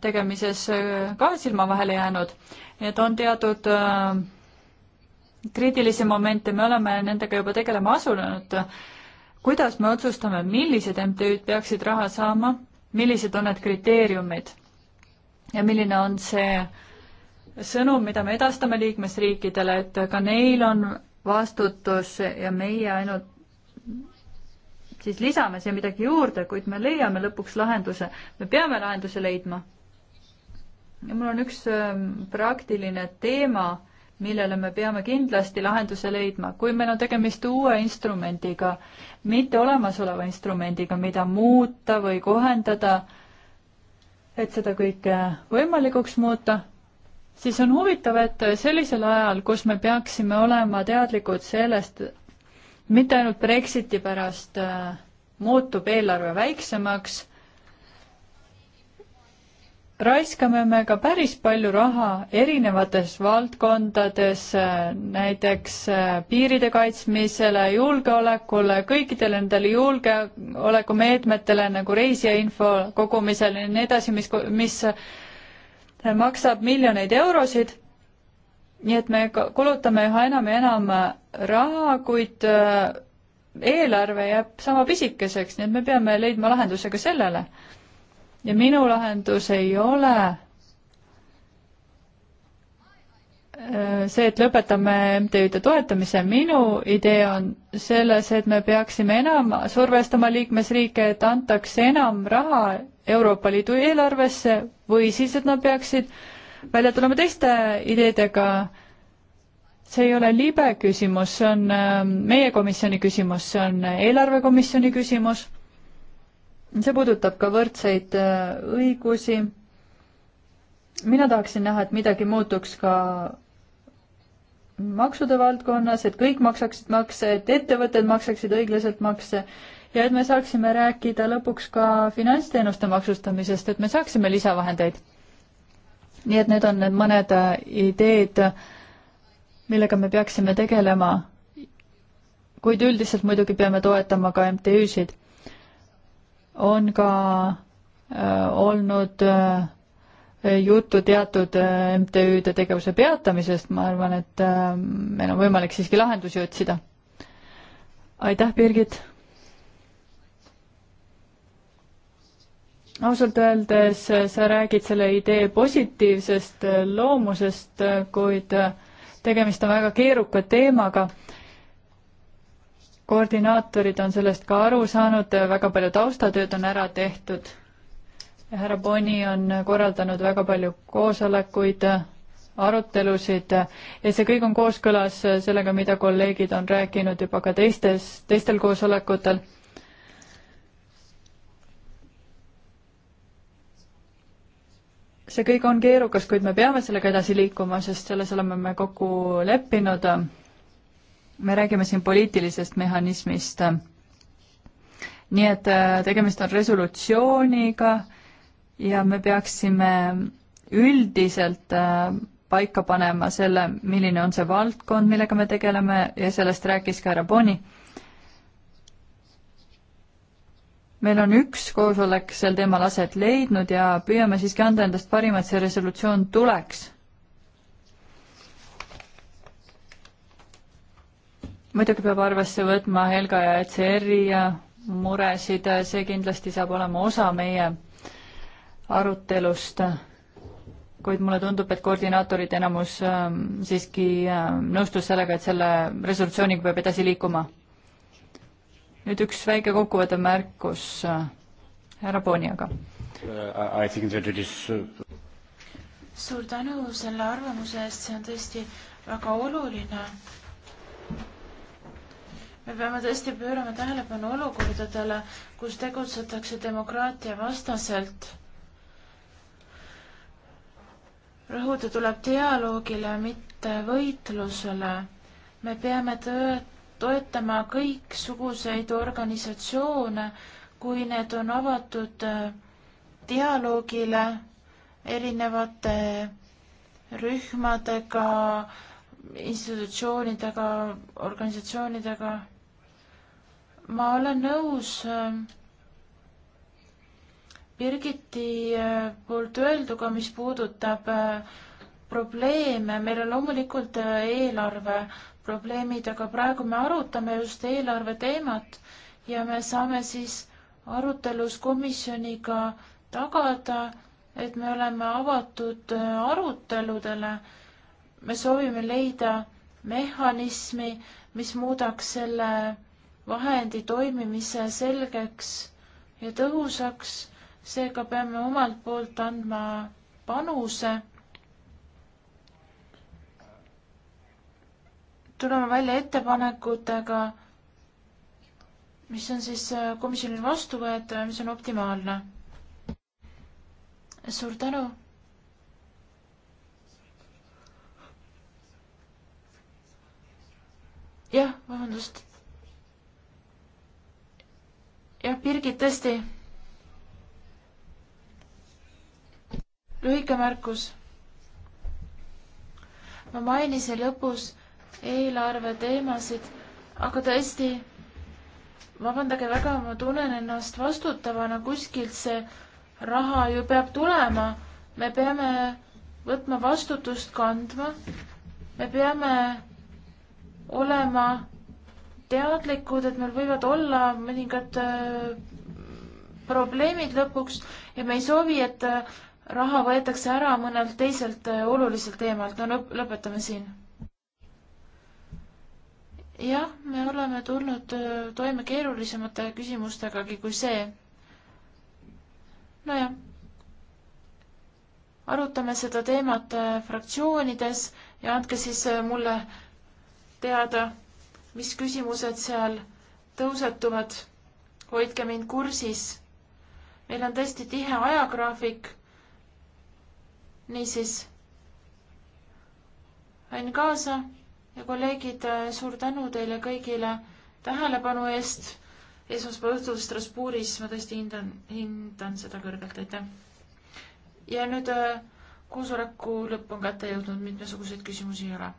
tegemises äh, ka silma vahele jäänud. nii et on teatud äh, kriitilisi momente, me oleme nendega juba tegelema asunud. kuidas me otsustame, millised MTÜ-d peaksid raha saama, millised on need kriteeriumid ja milline on see sõnum, mida me edastame liikmesriikidele, et ka neil on vastutus ja meie ainult siis lisame siia midagi juurde, kuid me leiame lõpuks lahenduse. me peame lahenduse leidma. ja mul on üks ähm, praktiline teema, millele me peame kindlasti lahenduse leidma, kui meil on tegemist uue instrumendiga, mitte olemasoleva instrumendiga, mida muuta või kohendada, et seda kõike võimalikuks muuta, siis on huvitav, et sellisel ajal, kus me peaksime olema teadlikud sellest, mitte ainult Brexiti pärast äh, muutub eelarve väiksemaks, raiskame me ka päris palju raha erinevates valdkondades, äh, näiteks äh, piiride kaitsmisele, julgeolekule, kõikidele nendele julgeolekumeetmetele nagu reisijainfo kogumisele ja nii edasi, mis, mis maksab miljoneid eurosid nii et me kulutame üha enam ja enam äh, raha, kuid äh, eelarve jääb sama pisikeseks, nii et me peame leidma lahenduse ka sellele. ja minu lahendus ei ole äh, see, et lõpetame MTÜ-de toetamise, minu idee on selles, et me peaksime enam survestama liikmesriike, et antaks enam raha Euroopa Liidu eelarvesse või siis, et nad peaksid äh, välja tulema teiste ideedega. see ei ole libe küsimus, see on ähm, meie komisjoni küsimus, see on äh, eelarvekomisjoni küsimus. see puudutab ka võrdseid äh, õigusi. mina tahaksin näha, et midagi muutuks ka maksude valdkonnas, et kõik maksaksid makse, et ettevõtted maksaksid õiglaselt makse ja et me saaksime rääkida lõpuks ka finantsteenuste maksustamisest, et me saaksime lisavahendeid nii et need on need mõned äh, ideed, millega me peaksime tegelema. kuid üldiselt muidugi peame toetama ka MTÜ-sid. on ka äh, olnud äh, juttu teatud äh, MTÜ-de tegevuse peatamisest, ma arvan, et äh, meil on võimalik siiski lahendusi otsida. aitäh, Birgit! ausalt öeldes äh, sa räägid selle idee positiivsest äh, loomusest, äh, kuid tegemist on väga keeruka teemaga. koordinaatorid on sellest ka aru saanud, väga palju taustatööd on ära tehtud. härra Boni on korraldanud väga palju koosolekuid, arutelusid ja see kõik on kooskõlas sellega, mida kolleegid on rääkinud juba ka teistes, teistel koosolekutel see kõik on keerukas, kuid me peame sellega edasi liikuma, sest selles oleme me kokku leppinud. me räägime siin poliitilisest mehhanismist. nii et äh, tegemist on resolutsiooniga ja me peaksime üldiselt äh, paika panema selle, milline on see valdkond, millega me tegeleme ja sellest rääkis ka härra Boni meil on üks koosolek sel teemal aset leidnud ja püüame siiski anda endast parima, et see resolutsioon tuleks. muidugi peab arvesse võtma Helga ja ECR-i ja muresid, see kindlasti saab olema osa meie arutelust. kuid mulle tundub, et koordinaatorid enamus ähm, siiski ähm, nõustus sellega, et selle resolutsiooniga peab edasi liikuma nüüd üks väike kokkuvõte märkus äh, härra Boniaga. Uh, uh, suur tänu selle arvamuse eest, see on tõesti väga oluline. me peame tõesti pöörama tähelepanu olukordadele, kus tegutsetakse demokraatia vastaselt. rõhuda tuleb dialoogile, mitte võitlusele. me peame tõet-, toetama kõiksuguseid organisatsioone, kui need on avatud äh, dialoogile erinevate rühmadega, institutsioonidega, organisatsioonidega. ma olen nõus äh, Birgiti äh, poolt öelduga, mis puudutab probleeme, meil on loomulikult eelarve probleemid, aga praegu me arutame just eelarve teemat ja me saame siis arutelus komisjoniga tagada, et me oleme avatud äh, aruteludele. me soovime leida mehhanismi, mis muudaks selle vahendi toimimise selgeks ja tõhusaks, seega peame omalt poolt andma panuse tuleme välja ettepanekutega, mis on siis äh, komisjonil vastu võetav ja mis on optimaalne. suur tänu. jah, vabandust. jah, Birgit, tõesti. lühike märkus ma mainisin lõpus, eelarveteemasid, aga tõesti, vabandage väga, ma tunnen ennast vastutavana, kuskilt see raha ju peab tulema. me peame võtma vastutust kandma, me peame olema teadlikud, et meil võivad olla mõningad äh, probleemid lõpuks ja me ei soovi, et äh, raha võetakse ära mõnelt teiselt äh, oluliselt teemalt. no lõpetame siin jah, me oleme tulnud äh, toime keerulisemate küsimustegagi kui see. nojah, arutame seda teemat äh, fraktsioonides ja andke siis äh, mulle teada, mis küsimused seal tõusetuvad. hoidke mind kursis. meil on tõesti tihe ajagraafik. niisiis, Ain Kaasa ja kolleegid, äh, suur tänu teile kõigile tähelepanu eest. esmaspäeva õhtul Strasbourgis ma tõesti hindan, hindan seda kõrgelt, aitäh. ja nüüd äh, koosoleku lõpp on kätte jõudnud, mitmesuguseid küsimusi ei ole